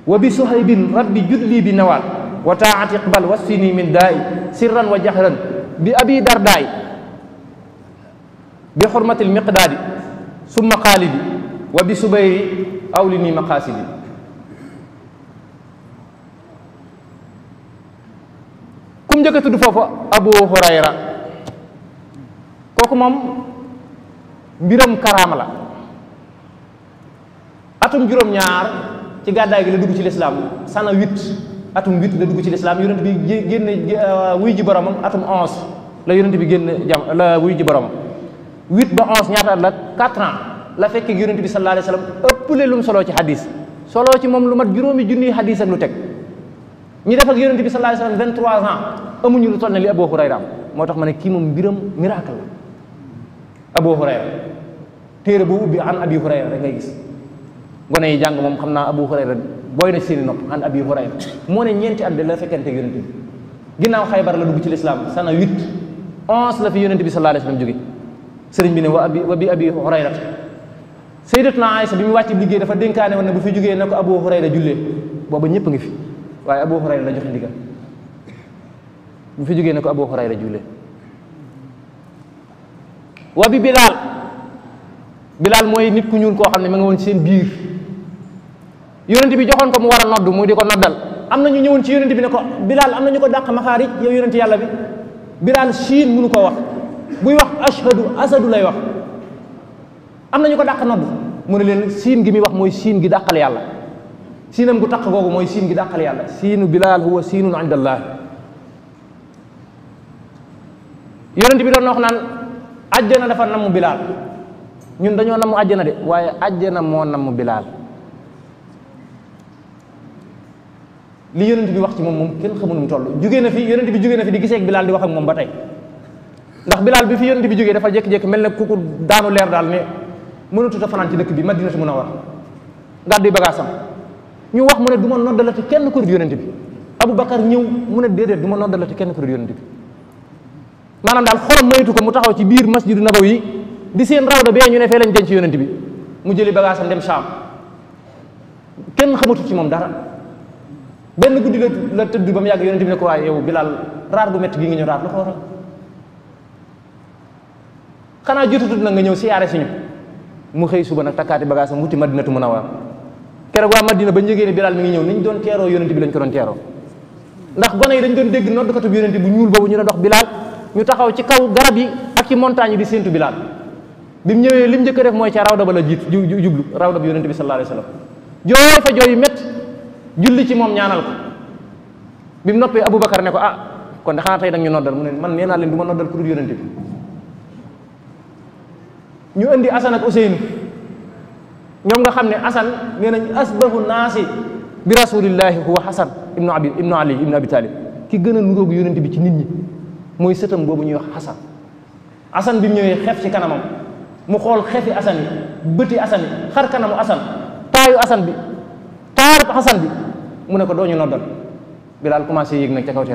wa bi suhaybin rabbi judli bi nawaal wa taati iqbal wasfini min daai sirran wa jahran bi abi dardaay bi xurmati almiqdaadi summa xaalidi wa bi subayri awlini maqaasidi kum njëkk a foofu abu hurayra kooku moom mbiram karaama la atum juróom-ñaar ci gàddaay gi la dugg ci lislaam sana huit atum huit la dugg ci lislaam yonent bi génn euh, wuy ji boromam atum onze la yonent bi génn jam la wuy ji boromam huit ba onze ñaata at la quatre ans la fekkee yonent bi sallallahu alayhi wa sallam ëpple lu ci xadis soloo ci moom lu mat juróomi junniy xadis ak lu teg ñi def ak bi sallallahu alayhi wa sallam vingt-trois ans amuñu lu toll ne li Abu Hurayra am moo tax ma ne kii moom mbiram miracle la abu hurayra téere bu ubbi an abi hurayra rek ngay gis gone yi jàng moom xam naa abu hurayra booy na seeni nopp an abi hurayra moo ne ñeenti at de la fekkante yonent bi ginnaaw xaybar la dugg ci lislaam sana huit onze la fi yonent bi sallallahu alayhi wa sallam jóge sëriñ bi ne wa abi wa bi abi hurayra sayyidatuna bi mu wàcc liggéey dafa dénkaane woon ne bu fi jógee na ko abu hurayra jullee booba ñëpp ngi fi waaye abu hurayra la joxe ndigal bu fi jógee na ko abu hurayra jullee wa bi bilaal bilaal mooy nit ku ñuul koo xam ne ma nga woon ci seen biir yonent bi joxoon ko mu war a nodd mu di ko noddal am na ñu ñëwoon ci yonent bi ne ko bilaal am na ñu ko dàq maxaarij yow yonent yàlla bi bilaal siin mënu koo wax buy wax ashhadu asadu lay wax am na ñu ko dàq nodd mu ne leen siin gi muy wax mooy siin gi dàqal yàlla siinam gu taq googu mooy siin gi dàqal yàlla siinu bilaal huwa siinun inda allah yonent bi doon wax naan àjjana dafa namm bilaal ñun dañoo namm àjjana de waaye àjjana moo namm bilaal li yonent bi wax ci moom moom kenn xamul nu mu toll jugee na fi yonent bi jugee na fi di gisee ak bilaal di wax ak moom ba tey ndax bilaal bi fi yonent bi jógee dafa jékki-jékki mel ne kuku daanu leer daal ne mënatut a fanaan ci dëkk bi ma si mun a war gàddu bagaasam ñu wax mu ne du ma noddalati kenn ku dul yonent bi Aboubacar ñëw mu ne déedéet du ma noddalati kenn ku dul maanaam daal xolam maytu ko mu taxaw ci biir masjidu nabawi di seen rawda bee ñu ne fee lañ denc yonent bi mu jëli bagaasam dem Saam kenn xamatu ci moom dara benn guddi la la tëdd ba mu yàgg yonent bi ne ko waaye yow Bilaal raar gu mett gi ngi ñu raar lu ko waral xanaa jotatut na nga ñëw siyaare si ñu mu xëy suba nag takkaati bagaasam wuti Madinatu Munawwara keroog waa Madina ba njëgee ne Bilaal mi ngi ñëw ni doon teeroo yonent bi lañ ko doon teeroo ndax gone yi dañ doon dégg noddkatu bi bu ñuul boobu ñu ne dox Bilaal ñu taxaw ci kaw garab yi ak ci montagne yi di séentu bilaal bi mu ñëwee lim njëkk a def mooy ca rawda ba la jiit jublu rawda bi yonente bi sallallahu alayhi wasallam jooy fa jooy yu métt julli ci moom ñaanal ko bi mu noppee Aboubacar ne ko ah kon de xanaa tey da ñu noddal mu ne man nee naa leen du ma noddal ku dul yonente bi ñu indi Asan ak Useynu ñoom nga xam ne Asan nee nañ asbahu naasi bi rasulillahi huwa Hasan ibnu abi ibnu ali ibnu abi talib ki gën a nuróogu yonente bi ci nit ñi mooy sëtam boobu ñuy wax Xasan Xasan bi mu ñëwee xef ci kanamam mu xool xefi Xasan yi bëti Xasan yi xar kanamu Xasan taayu Xasan bi taarub Xasan bi mu ne ko doo ñu dooñu noddal Bilaal commencé yéeg nag ca kaw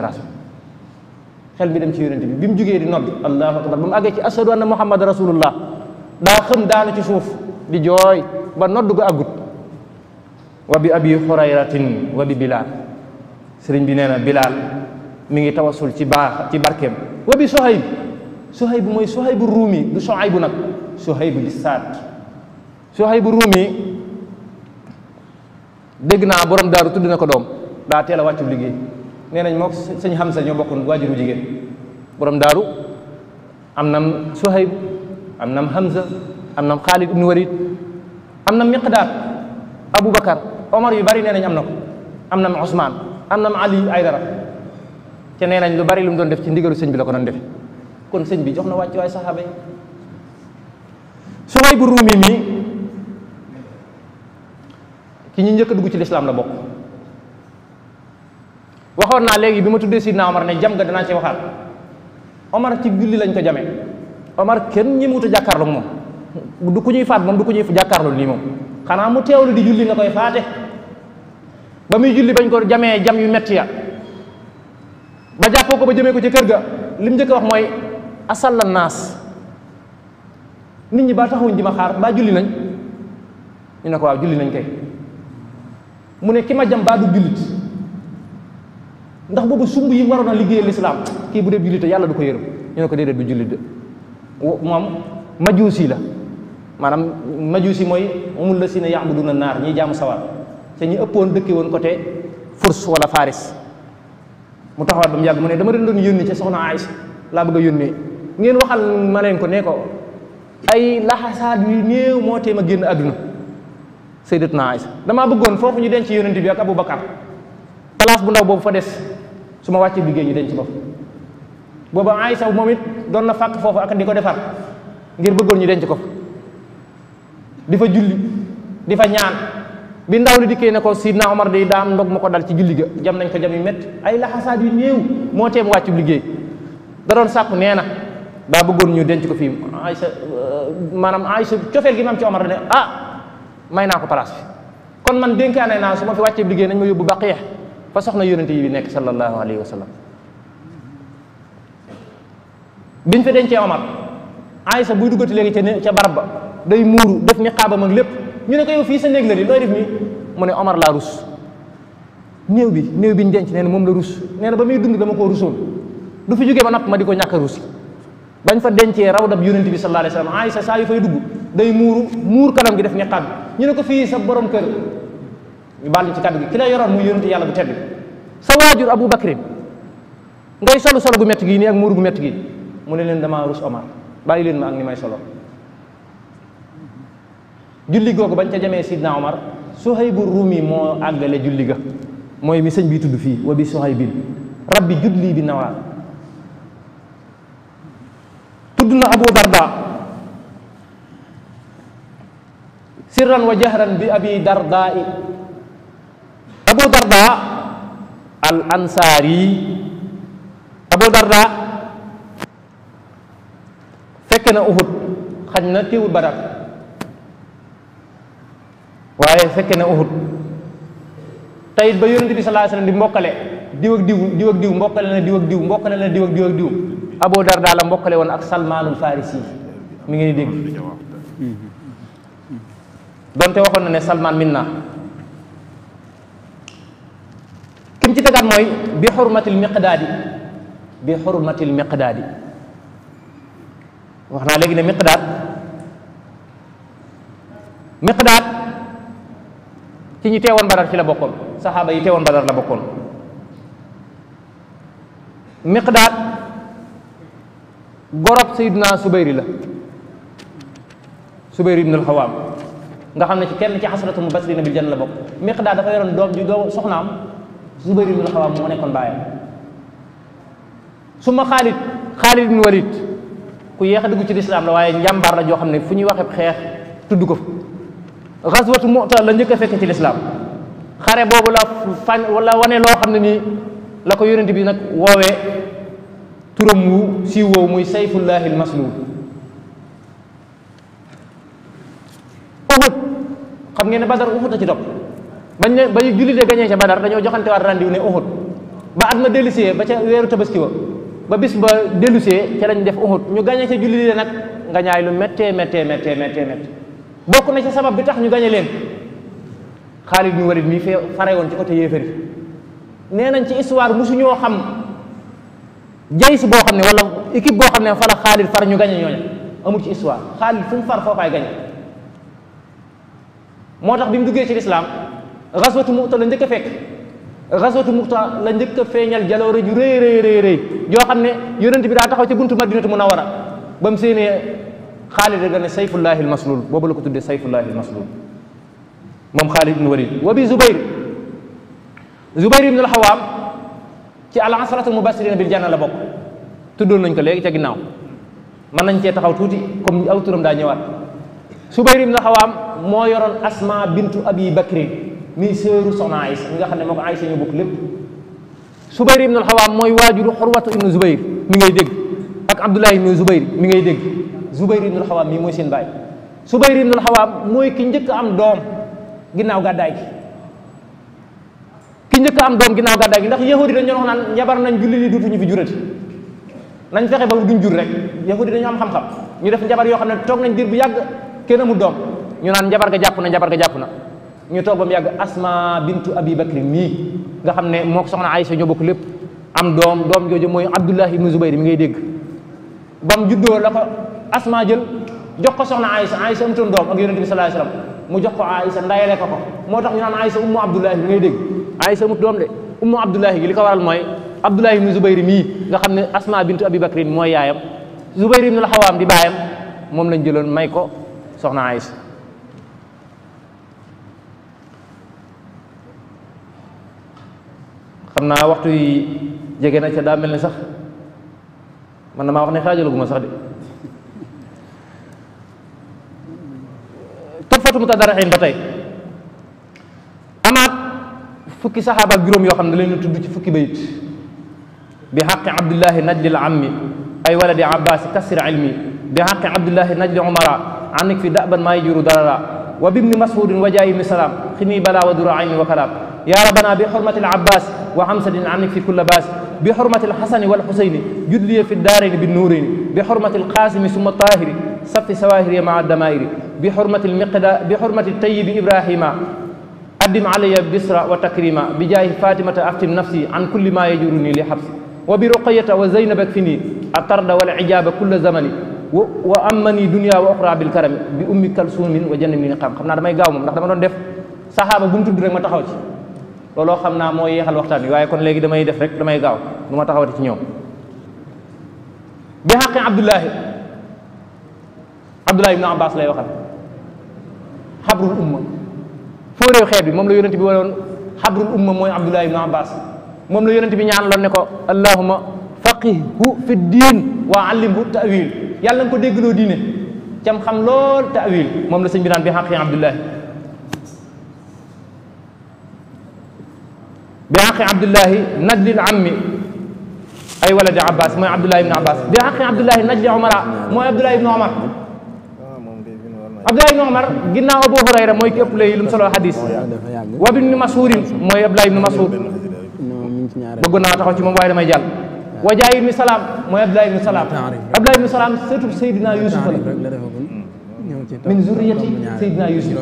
xel bi dem ci yonent bi bi mu jógee di nodd allahu akbar ba mu àggee ci ashadu anna muhammad rasulullah daa xëm daanu ci suuf di jooy ba nodd ga àggut wa bi abi xurayratin wa bi Bilaal sëriñ bi nee na Bilaal mi ngi tawasul ci baax ci barkeem wa bi sohayb sohayb mooy sohaybu ruumi du sohaybu nag sohaybu di saat sohaybu ruumi dégg naa borom daaru tudd ko doom daa teel a liggéey nee nañ moo sëñ xam sa ñoo bokkoon waajuru jigéen borom daaru am nam sohayb am nam hamza am nam xaalid ibnu walid am nam miqdaar aboubacar omar yu bari nee nañ am na ko am nam ousmane am nam ali aydara te nee nañ lu bari lu mu doon def ci ndigalu sëñ bi la ko doon defe kon sëñ bi jox na wàccuwaay saxaaba yi Suhayb bu Ruumi mi ki ñu njëkk dugg ci lislaam la bokk waxoon naa léegi bi ma tuddee naa Omar ne jam ga danaa ci waxaat Omar ci julli lañ ko jamee Omar kenn ñemewut a jàkkaarloog moom du ku ñuy faat moom du ku ñuy jàkkaarloog nii moom xanaa mu teewlu di julli nga koy faate ba muy julli bañ ko jamee jam yu metti ya ba jàppoo ko ba jëmee ko ci kër ga li mu njëkk wax mooy asalla naas nit ñi ba taxawuñ di ma ba julli nañ ñu ne ko waaw julli nañ kay mu ne ki ma jam baa du jullit ndax boobu sumb yi waroon a liggéeyal lislaam kii bu dee jullite yàlla du ko yërëm ñu ne ko déedéet du jullit de moom majuusi la maanaam majuusi mooy umul la si ne yaabuduuna naar ñiy jaamu sawar te ñi ëppoon dëkke woon côté Furs wala Faris mu taxawaat ba mu yàgg mu ne dama leen doon yónni ci soxna Aysa laa bëgg a yónnee ngeen waxal ma leen ko nee ko ay laxasaat yu néew moo tee a génn àdduna sayyidatuna Aysa damaa bëggoon foofu ñu denc yónnent bi ak Abu Bakar place bu ndaw boobu fa des su ma wàccee liggéey ñu denc ko booba Aysa moom it doon na fàkk foofu ak di ko defar ngir bëggoon ñu denc ko di fa julli di fa ñaan bi ndaw li dikkee ne ko Sidna Omar day daam ndog ma ko dal ci julli ga jam nañ ko jam yu métti ay laxasaat yu néew moo teem wàccu liggéey da doon sàkku nee na daa bëggoon ñu denc ko fii Aysa euh, maanaam Aysa cofeel gi ma am ci Omar ah, may naa ko place bi kon man dénkaane naa su ma wàccee liggéey nañ ma yóbbu Baqiya fa soxna yonente yi bi nekk sallallahu alayhi wa sallam biñ fi dencee Omar Aysa buy duggati léegi ca ca barab ba day muuru def ni xaabam ak lépp ñu ne ko yow fii sa néeg la di looy def nii mu ne Omar laa rus néew bi néew bi ñu denc nee na moom la rus nee na ba muy dund dama koo rusoon du fi ba napp ma di ko ñàkk a rus fa dencee rawdab yonent bi sallallahu alayhi wa sallam Aïsa saa yu fay dugg day muuru muur kanam gi def niqaab bi ñu ko fii sa borom kër ñu bàll ci kàddu gi ki la yoroon muy yàlla bu tedd sa waajur Abu Bakrin ngay solo solo gu métti gi nii gu métti gi mu ne leen damaa rus Omar bàyyi leen ma ak ni may solo julli googu bañ ca jamee sidna omar suhaybu rumi moo àggale julli ga mooy mi sëñ bi tudd fii wa bi suhaybin rabbi julli bi nawaa tudd na abu darda sirran wa jahran bi abi dardaa'i abu darda al abu darda fekke na uhud xaj na teewul badar waaye fekke na Uhud tayit ba yonent bi sallallahu alayhi di mbokkale diw ak diw diw ak diw mbokkale na diw ak diw ak diw ak diw Abu la mbokkale woon ak Salmaanul Farisi mi ngi dégg donte waxoon na ne Salmaan minna kim ci tegaat mooy bi xurmatil miqdaadi bi xurmatil miqdaadi wax naa léegi ne miqdaad miqdaad ci ñi teewoon badar ci la bokkoon saxaaba yi teewoon badar la bokkoon miqdaad gorob sayyiduna subayri la subayri ibn alxawaam nga xam ne ci kenn ci xasratu mubasirina bil janna la bokk miqdaad dafa yoroon doom ju doo soxnaam subayri ibn alxawaam moo nekkoon baayam suma xaalid xaalid ibn walid ku yéex a dugg ci lislaam la waaye njàmbaar la joo xam ne fu ñuy waxee xeex tudd ko xaswatu mu'ta la njëkk a fekk ci lislaam xare boobu la fañ wala wane loo xam ne nii la ko yonent bi nag woowee turam wu siiw woowu muy sayfullahi almaslul uhud xam ngeen ne badar uhud a ci topp bañ ne ba ñu julli de gañee ca badar dañoo joxante waat rendiw ne uhud ba at ma dellusee ba ca weeru tabaski wa ba bis ba dellusee ca lañ def uhud ñu gañee ca julli de nag nga ñaay lu méttee méttee méttee méttee méttee bokk na ci sabab bi tax ñu gañe leen Xaalid bin Walid mii fee fare woon ci côté yéefari nee nañ ci histoire musuñoo xam jays boo xam ne wala équipe boo xam ne fa la Xaalid far ñu gañe ñooña amul ci histoire Xaalid fu mu far foofaay gañe moo tax bi mu duggee ci lislaam xaswatu Mu'ta la njëkk a fekk xaswatu uta la njëkk feeñal jaloore ju rëy rëy joo xam ne yonent bi daa taxaw ci buntu Madinatu Munawwara ba mu séenee Xaalid da ne sayfullahi almaslul boobu la ko tuddee sayfullahi almaslul moom Xaalid ibn Walid wa bi Zubayr Zubayr ibn al-Xawaam ci al asratu mubasirina bil janna la bokk tuddoon nañ ko léegi ca ginnaaw mën nañ cee taxaw tuuti comme aw turam daa ñëwaat Zubayr ibn al-Xawaam moo yoroon Asma bintu Abi Bakrin mi seeru soxna Aysa mi nga xam ne moo ko Aysa ñu bokk lépp Zubayr ibn al-Xawaam mooy waajuru Xurwatu ibn Zubayr mi ngay dégg ak Abdullahi ibn Zubayr mi ngay dégg Zubayr ibnul Xawaam mii mooy seen baay Zubayr ibnul Xawaam mooy ki njëkk am doom ginnaaw gàddaay gi ki njëkk am doom ginnaaw gàddaay gi ndax yahudi dañu wax naan njabar nañ julli ni duutuñu fi jurati nañ fexe ba duñ jur rek yahudi dañu am xam-xam ñu def njabar yoo xam ne toog nañ diir bu yàgg kenn amul doom ñu naan njabar ga jàpp na njabar ga jàpp na ñu toog ba mu yàgg asma bintu abi bakri mii nga xam ne moo soxna Aysa ñoo bokk lépp am doom doom jooju mooy abdullahi ibnu zubayr mi ngay dégg asma jël jox ko soxna Aïssa Aïssa amutoon doom ak yonente bi mu jox ko Aïssa ndayale ko ko moo tax ñu naan Aïssa ummu Abdullahi bi ngay dégg Aïssa amut doom de ummu Abdullahi li ko waral mooy Abdullahi ibnu Zubayr mii nga xam ne Asma bintu Abi Bakrin mooy yaayam Zubayr ibnu Al-Xawaam di baayam moom lañ jëloon may ko soxna Aïssa xam naa waxtu jege na ca daa mel ni sax man na maa wax ne xaajalaguma sax de fatu mutadarain ba tey amaat fukki saxaaba ak juróom yoo xam ne leen tudd ci fukki bayit bi xaqi abdullahi najli l ammi ay waladi abbasi kasir ilmi bi xaqi abdullahi najli umara anik fi daban maa yajuru darara wa bibni masudin wa jaayimi salaam xini bala wa dura ayni wa kalaam ya rabbana bi xurmati al abbas wa hamsadin anik fi kulla baas bi xurmati alxasani wal xusayni judliye fi daarayni bi nuurayni bi xurmati alqaasimi summa taahiri safi sawaahiri maa damaayiri bi xurmati almiqda bi xurmati tayibi ibrahima addim alayya bisra wa takrima bi jaahi fatimata aftim nafsi an kulli ma yajuruni li xabsi wa bi ruqayata wa zeynabak fi nii a tarda wal ijaaba kulla zamani wa ammani dunia wa oxra bil karami bi ummi kalsuumin wa jannamin xam xam naa damay gaaw moom ndax dama doon def saxaaba bu mu tudd rek ma taxaw ci looloo xam naa moo yéexal waxtaan wi waaye kon léegi damay def rek damay gaaw du ma taxawati ci ñoom bi xaqi abdullahi abdullahi ibnu abbas lay waxal xabrul umma foo réew xeet bi moom la yonent bi waroon xabrul umma mooy abdullahi ibnu abbas moom la yonent bi ñaan loon ne ko allahuma faqihhu fi diin wa allimhu ta'wil yàlla nga ko déggloo diine cam xam lool ta'wil moom la sëñ bi naan bi xaqi abdullahi bi xaqi abdullahi najlil ammi ay waladi abbas mooy abdullahi ibne abbas bi xaqi abdullahi najli omara mooy abdullahi ibne omar abdullahi ibne omar ginnaaw abu hurayra mooy képp lay lu mu solo xadis wa ibni masuudin mooy abdullahi ibne masuud bëggoon naa taxaw ci moom waaye damay jàll wa jaay ibni salaam mooy abdullahi ibne salaam abdullahi ibne salaam sëtu seydina yusuf la min zurriyati seydina yusuf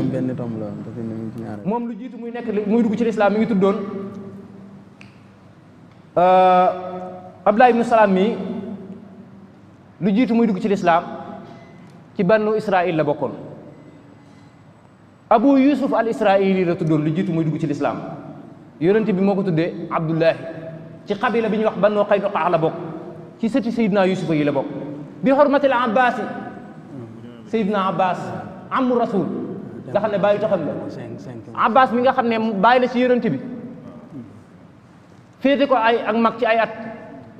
moom lu jiitu muy nekk muy dugg ci lislaam mi ngi tuddoon Euh, Abdullah ibnu Salaam mi lu jiitu muy dugg ci lislaam ci bannu Israil la bokkoon Abu Yusuf al Israili la tuddoon lu jiitu muy dugg ci lislaam yonent bi moo ko tuddee Abdullahi ci xabila bi ñuy wax bannoo Qaynuqaa la bokk ci sëti Seydina Yusufa yi la bokk bi xormatil Abbaasi Seydina Abbas amu rasul nga xam ne bàyyi taxam la Abbas mi nga xam ne bàyyi la ci yonent bi féete ko ay ak mag ci ay at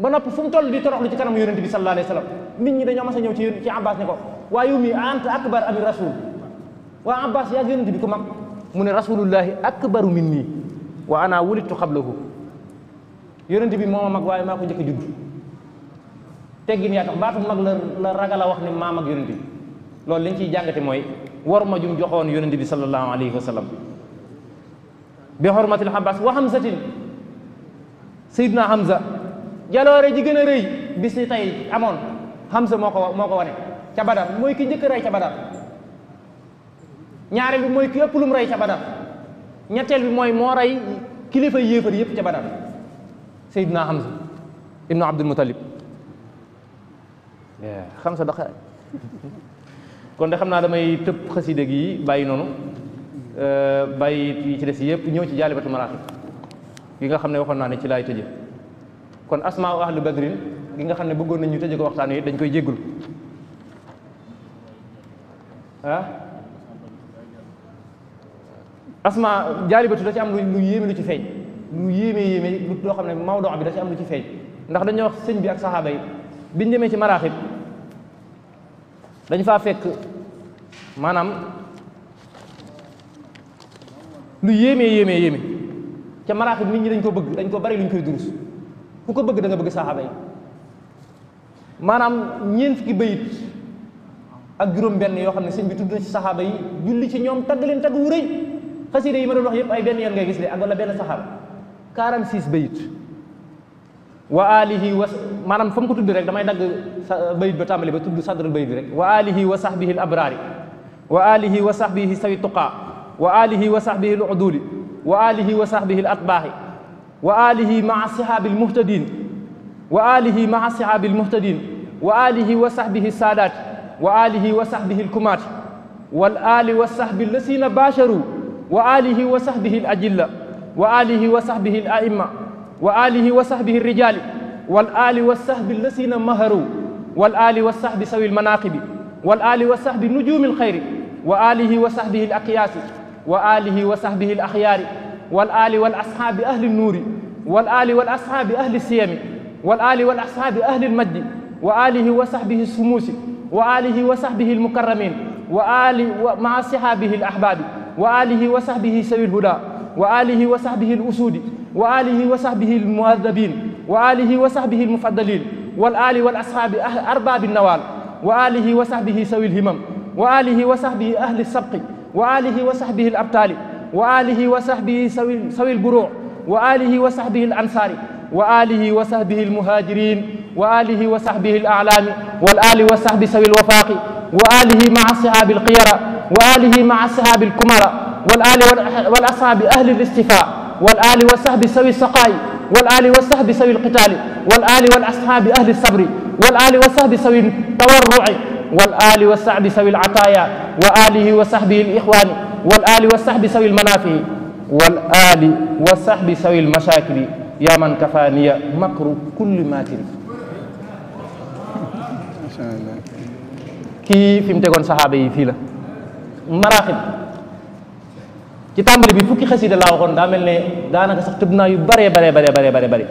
ba nopp fu mu toll di toroxlu ci kanam yonent bi sallallahu alayhi wa sallam nit ñi dañoo mas a ñëw ci ci abbas ne ko waa yow mii anta akbar ami rasul waa abbas yaa yonent bi ku mag mu ne rasulullahi akbaru minni wa ana wulidtu qablahu yonent bi moo ma mag waaye maa ko njëkk a judd teggin yaa tax baatu mag la la ragal wax ne maa mag yonent bi loolu liñ ciy jàngate mooy war ma jum joxoon yonent bi sallallahu Seydina Hamza jaloore ji gën a rëy bis ni tey amoon Hamza moo ko moo ko wane ca Badar mooy ki njëkk rey ca Badar ñaare bi mooy ki ëpp lum rey ca Badar ñetteel bi mooy moo rey kilifa yéefar yépp ca Badar Seydina Hamza ibnu Abdul Muttalib xam eh, sa doxe kon de xam naa damay tëb xasida gi bàyyi noonu eh, bàyyi yi ci des yépp ñëw ci jaalibatu maraaxib yi nga xam ne waxoon naa ne ci laay tëje kon asmaa ahlu badrin gi nga xam ne bëggoon nañ ñu tëje ko waxtaan yi dañ koy jéggul ah asma jaalibatu da ci am lu yéeme lu ci feeñ lu yéeme yéeme lu loo xam ne mawdo bi da ci am lu ci feeñ ndax dañoo wax sëñ bi ak saxaaba yi biñ demee ci maraaxib dañ faa fekk maanaam lu yéeme yéeme yéeme ca maraaxib nit ñi dañ ko bëgg dañ ko bari ñu koy durus ku ko bëgg da nga bëgg saxaaba yi fukki bayit ak juróom-benn yoo xam ne sëñ bi tudd na ci saxaaba yi julli ci ñoom tagg leen tagg wu rëy yi man a wax yëpp ay benn yoon ngay gis de ak wala benn saxaaba 46 bayit wa alihi wa maanaam fa mu ko tudd rek damay dagg bayit ba tàmbali ba tudd sadr bayit bi rek wa alihi wa sahbihi al abraari wa alihi wa sahbihi sawi tuqaa wa alihi wa sahbihi al uduli wa alihi wa sahbihi al atbaahi wa alihi maa sihaabil muhtadin wa alihi maa sihaabil muhtadin wa alihi wa sahbihi saadaat wa alihi wa sahbihi alkumaat wal ali wa sahbi lasina basharu wa alihi wa sahbihi al ajilla wa alihi wa sahbihi al aimma wa alihi wa sahbihi al rijali wal ali wa sahbi lasina maharu wal ali wa sahbi sawi al manaqibi wal ali wa sahbi nujumi al xayri wa alihi wa sahbihi al aqyaasi wa alihi wa sahbihi al axyaari wal ali wal ashaabi ahli nuuri wal ali wal ashaabi ahli siyami wal ali wal ashaabi ahli lmajdi wa alihi wa sahbihi sumuusi wa alihi wa sahbihi almukarramin wa ali maa sihaabihi al ahbaabi wa alihi wa sahbihi sawil huda wa alihi wa sahbihi al usuudi wa alihi wa sahbihi al muhaddabin wa alihi wa sahbihi al mufaddalin wal ali wal ashaabi arbaabi nawaal wa alihi wa sahbihi sawil himam wa alihi wa sahbihi ahli sabqi wa alihi wa sahbihi al abtaali wa alihi wa sahbihi sawi sawi al buruu wa alihi wa sahbihi al ansaari wa alihi wa sahbihi al muhaajiriin wa alihi wa sahbihi al aalaami wal aali wa sahbi sawi al wafaaqi wa alihi maa sahaabi al qiyara wa alihi maa sahaabi al kumara wal aali wal ashaabi ahli al istifaa wal aali wa sahbi sawi saqaayi wal ali wa sahbi sawi lqitaali wal ali wal ashaabi ahli sabri wal ali wa sahbi sawi tawarruci wal ali wa sahbi sawi lataaya wa alihi wa sahbihi lixwaani wal ali wa sahbi sawi lmanaafihi wal ali wa sahbi sawi lmasaakili yaa man kafaaniya makru kulli maakiri kii fi mu tegoon saxaaba yi fii la maraaxib ci tàmbali bi fukki xasida laa waxoon daa mel ne daanaka sax tëb naa yu bare baree baree baree baree bëri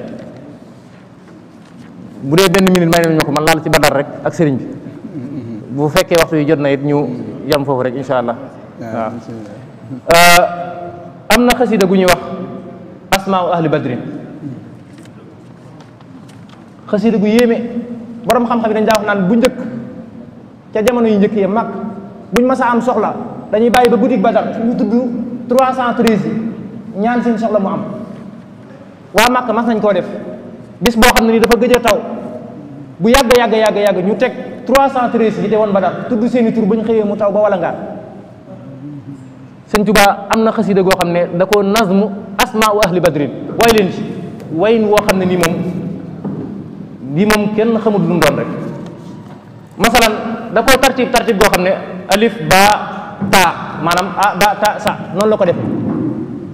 bu dee benn minute may nañu ko man laal ci badar rek ak sëriñ bi bu fekkee waxtu yu jot na it ñu yam foofu rek insha allah euh, am na xasida gu ñuy wax asmaau ahli badrin xasida gu yéeme borom xam-xam yi dañ daa wax naan bu njëkk ca jamono yu njëkk yi mag buñ masa am soxla dañuy bàyyi ba guddi badar ñu tudd 313 yi ñaan seen soxla mu am waa Màkka mas nañ koo def bis boo xam ne ni dafa gëj a taw bu yàgg yàgg yàgg yàgg ñu teg 313 yi de woon Badar tudd seen i tur ba ñu xëyee mu taw ba wala ngaan sëñ Tuba am na xasida goo xam ne da ko nazmu asmaa u ahli badrin way leen ci wayin woo xam ne nii moom lii moom kenn xamul lu mu doon rek masalan da koo tartib tartib goo xam ne alif ba taa maanaam ah, a ba ta sa noonu la ko defee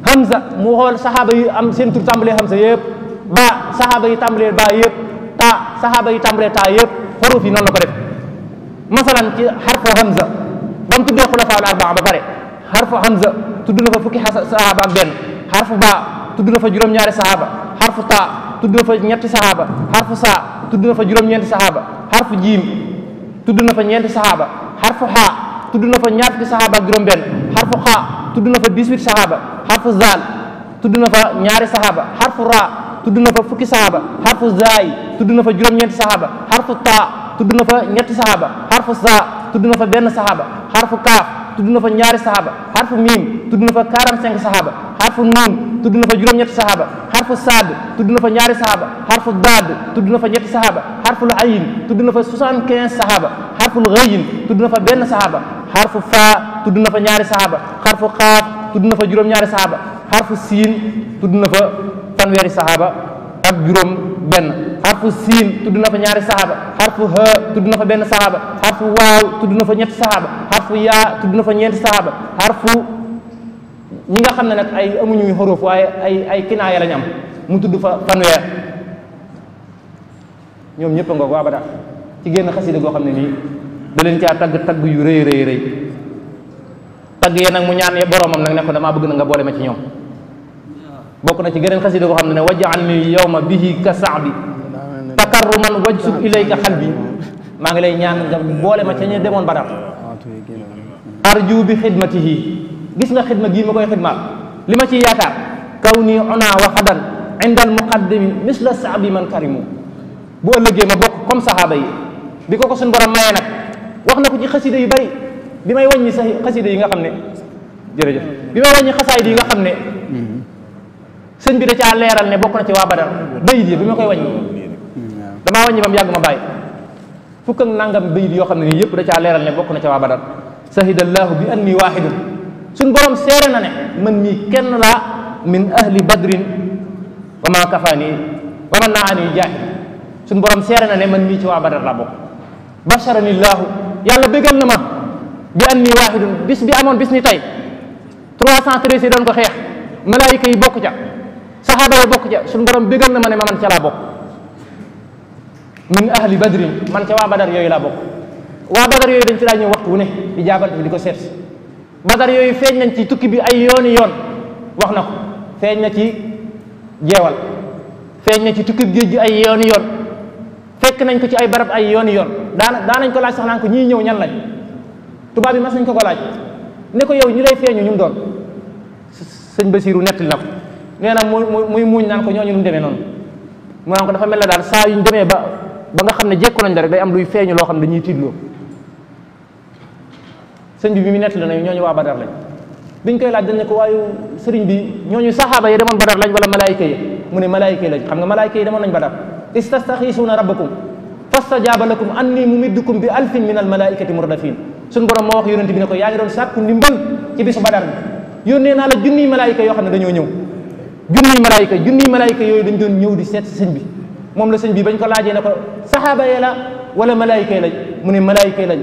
hamza mu xool saxaaba yi am seen tur tàmbalee hamza yëpp ba saxaaba yi tàmbalee ba yëpp ta saxaaba yi tàmbalee ta yëpp xuruf yi noonu la ko def masalan ci xarfu hamza ba mu tuddee xulafaa al arbaa ba pare xarfu hamza tudd na fa fukki saxaaba ak benn xarfu ba tudd na fa juróom-ñaari saxaaba xarfu ta tudd na fa ñetti saxaaba xarfu saa tudd na fa juróom-ñeenti saxaaba xarfu jiim tudd na fa ñeenti saxaaba tudd na fa ñaar fukki saxaaba ak juróom-benn xarfu xaa tudd na fa 18 saxaaba xarfu zaal tudd na fa ñaari saxaaba xarfu raa tudd na fa fukki saxaaba xarfu zaay tudd na fa juróom-ñeenti saxaaba xarfu taa tudd na fa ñetti saxaaba xarfu saa tudd na fa benn saxaaba xarfu kaaf tudd na fa ñaari saxaaba xarfu miim tudd na fa 45 saxaaba xarfu nuun tudd na fa juróom-ñetti saxaaba xarfu saad tudd na fa ñaari saxaaba xarfu daad tudd na fa ñetti saxaaba xarful ayin tudd na fa 75 saxaaba xarful xëyin tudd na fa benn saxaaba xarfu faa tudd na fa ñaari saxaaba xarfu xaaf tudd na fa juróom-ñaari saxaaba xarfu siin tudd na fa fanweeri saxaaba ak juróom benn xarfu siin tudd na fa ñaari saxaaba xarfu ha tudd na fa benn saxaaba xarfu waaw tudd na fa ñetti saxaaba xarfu yaa tudd na fa ñeenti saxaaba xarfu ñi nga xam ne nag ay amuñu xuruf waaye ay ay kinaaya lañ am mu tudd fa fanweer ñoom ñëpp a ngoog waa bada ci génn xasida goo xam ne nii da caa tagg tag yu rëy rëy rëy tagg yee nag mu ñaan boromam nag ne ko damaa na nga boole ma ci ñoom bokk na ci geneen xasida ko xam ne waj'alni yawma bihi ka sa'bi takarruman wajsub ilayka bi maa ngi lay ñaan nga boole ma ca ñe demoon badar arju bi xidmatihi gis nga xidma gii ma koy xidmaat li ma ciy yaakaar kaw nii ona wa xadan inda al muqaddimi misla sa'bi man karimu bu ëllëgee ma bokk comme saxaaba yi bi ko ko suñ borom mayee nag wax na ko ci xasida yu bari bi may wàññi sa xasida yi nga xam ne jërëjëf bi may wàññi xasaayid yi nga xam ne sëñ bi da caa leeral ne bokk na ci waa badar bayit yi bi ma koy wàññi damaa wàññi ba mu yàgg ma bàyyi fukk ak nangam bayit yoo xam ne nii yëpp da caa leeral ne bokk na ci waa badar sahidallahu bi anni waahidun suñ borom seere na ne man mii kenn laa min ahli badrin wa ma kafaani wa man naa ani jaahid suñ borom seere na ne man mii ci waa badar laa bokk basharanillahu yàlla bégal na ma bi anni waahidun bis bi amoon bis ni tey 313 doon ko xeex malaayika yi bokk ca saxaaba ya bokk ca suñu borom bégal na ma ne ma man ca laa bokk min ahli badrin man ca waa badar yooyu laa bokk waa badar yooyu dañ ci daa ñëw waxtu wu ne di jaabante di ko seet badar yooyu feeñ nañ ci tukki bi ay yooni yoon wax na ko na ci jeewal feeñ na ci tukki géej gi ay yooni yoon fekk nañ ko ci ay barab ay yooni yoon daa nañ ko laaj sax naan ko ñii ñëw ñan lañ tubaab bi mas nañ ko ko laaj ne ko yow ñu lay feeñu ñu doon sëñ Basiiru nettali na nee na muy muy muuñ naan ko ñooñu nu mu demee noonu mu naan ko dafa mel na daal saa yuñ demee ba ba nga xam ne jekku nañ la rek day am luy feeñu loo xam ne dañuy tiitloo sëñ bi bi mu nett la ne ñooñu waa Badar lañ biñ koy laaj dañ ne ko waaye sëriñ bi ñooñu saxaaba yi demoon Badar lañ wala malaayika yi ne malaayika yi lañ xam nga malaayika nañ Badar istastaxiisuuna rabbakum fastajaaba lakum anni mumiddukum bi alfin min al malaikati murdafin suñu borom moo wax yonente bi ne ko yaa ngi doon sàkku ndimbal ci bisu Badar bi yoo xam ne dañoo ñëw junniy malaayika junniy malaayika yooyu dañ doon ñëw di seet si sëñ bi moom la sañ bi bañ ko laajee na ko saxaaba yi la wala malaayika yi lañ mu ne malaayika yi lañ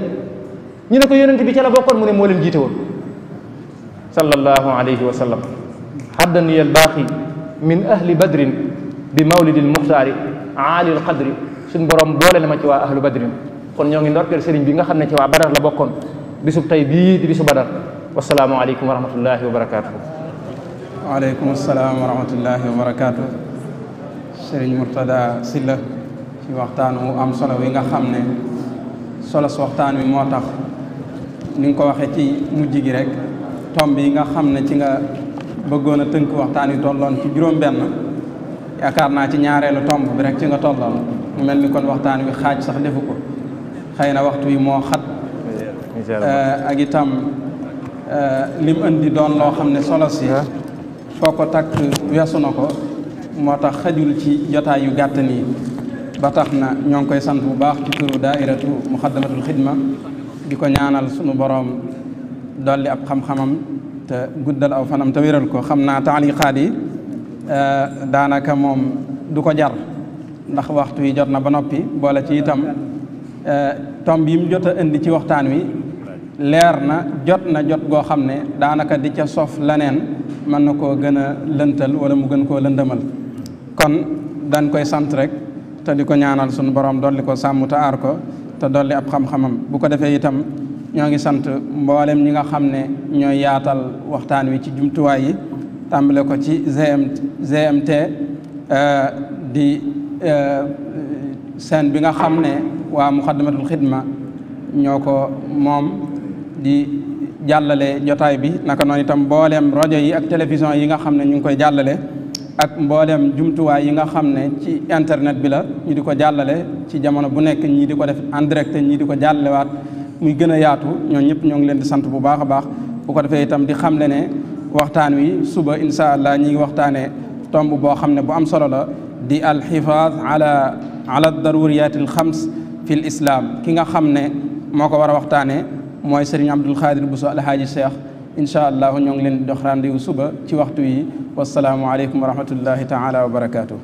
ñu ne ko yonent bi ca la bokkoon mu ne moo leen jiite woon sallallahu alayhi wa sallam xaddani al baaqi min ahli badrin bi mawlidi al muxtaari aali al qadri suñ borom boole na ma ci waa ahlu badrin kon ñoo ngi ndorteel sëriñ bi nga xam ne ci waa badar la bokkoon bisub tey bii di bisu badar wasalaamu aleykum wa rahmatullahi wa waaleykum salaam wa rahmatullahi wa barakaatu Serigne Mourtada Sylla ci waxtaan wu am solo wi nga xam ne solos waxtaan wi moo tax ni nga ko waxee ci mujj gi rek tomb yi nga xam ne ci nga bëggoon a tënk waxtaan wi tolloon ci juróom-benn yaakaar naa ci ñaareelu tomb bi rek ci nga tolloon mu mel ni kon waxtaan wi xaaj sax defu ko xëy na waxtu wi moo xat eh, ak itam eh, lim indi doon loo xam ne solos yi foo ko takk weesu ko moo tax xajul ci jotaay yu gàtt nii ba tax na ñoo ngi koy sant bu baax ci turu daairatu muxaddamatul xidma di ko ñaanal sunu boroom dolli ab xam-xamam te guddal aw fanam te wéral ko xam naa taaliqaat yi euh, daanaka moom du ko jar ndax waxtu yi jot na ba noppi boole ci itam euh, tomb yi mu indi ci waxtaan wi leer na jot na jot goo xam ne daanaka di ca sof laneen mën na ko gën a lëntal wala mu gën ko lëndëmal kon dañ koy sant rek te di ko ñaanal suñu borom dolli ko sàmm te ko te dolli ab xam-xamam bu ko defee itam ñoo ngi sant mboolem ñi nga xam ne ñoo yaatal waxtaan wi ci jumtuwaay yi tàmbale ko ci GM GMT euh, di euh, seen bi nga xam ne waa Muxaddamatul Xidma ñoo ko moom di jàllale jotaay bi naka noonu itam mbooleem rajo yi ak télévision yi nga xam ne ñu ngi koy jàllale ak mbooleem jumtuwaay yi nga xam ne ci internet bi la ñu di ko jàllale ci jamono bu nekk ñii di ko def en direct ñii di ko jàllalewaat muy gën a yaatu ñoo ñëpp ñoo ngi leen di sant bu baax a baax bu ko defee itam di xam le ne waxtaan wi suba incha allah ñi ngi waxtaanee tomb boo xam ne bu am solo la di alxifaaz ala ala daruriyatil xams fi l islam ki nga xam ne moo ko war a waxtaanee mooy sëriñ Abdul Xaadir Buso Alxaaji Cheikh incha allah ñoo ngi leen di dox rendez-vous suba ci waxtu yi wasalaamu aleykum wa rahmatullahi taala wa barakaatu.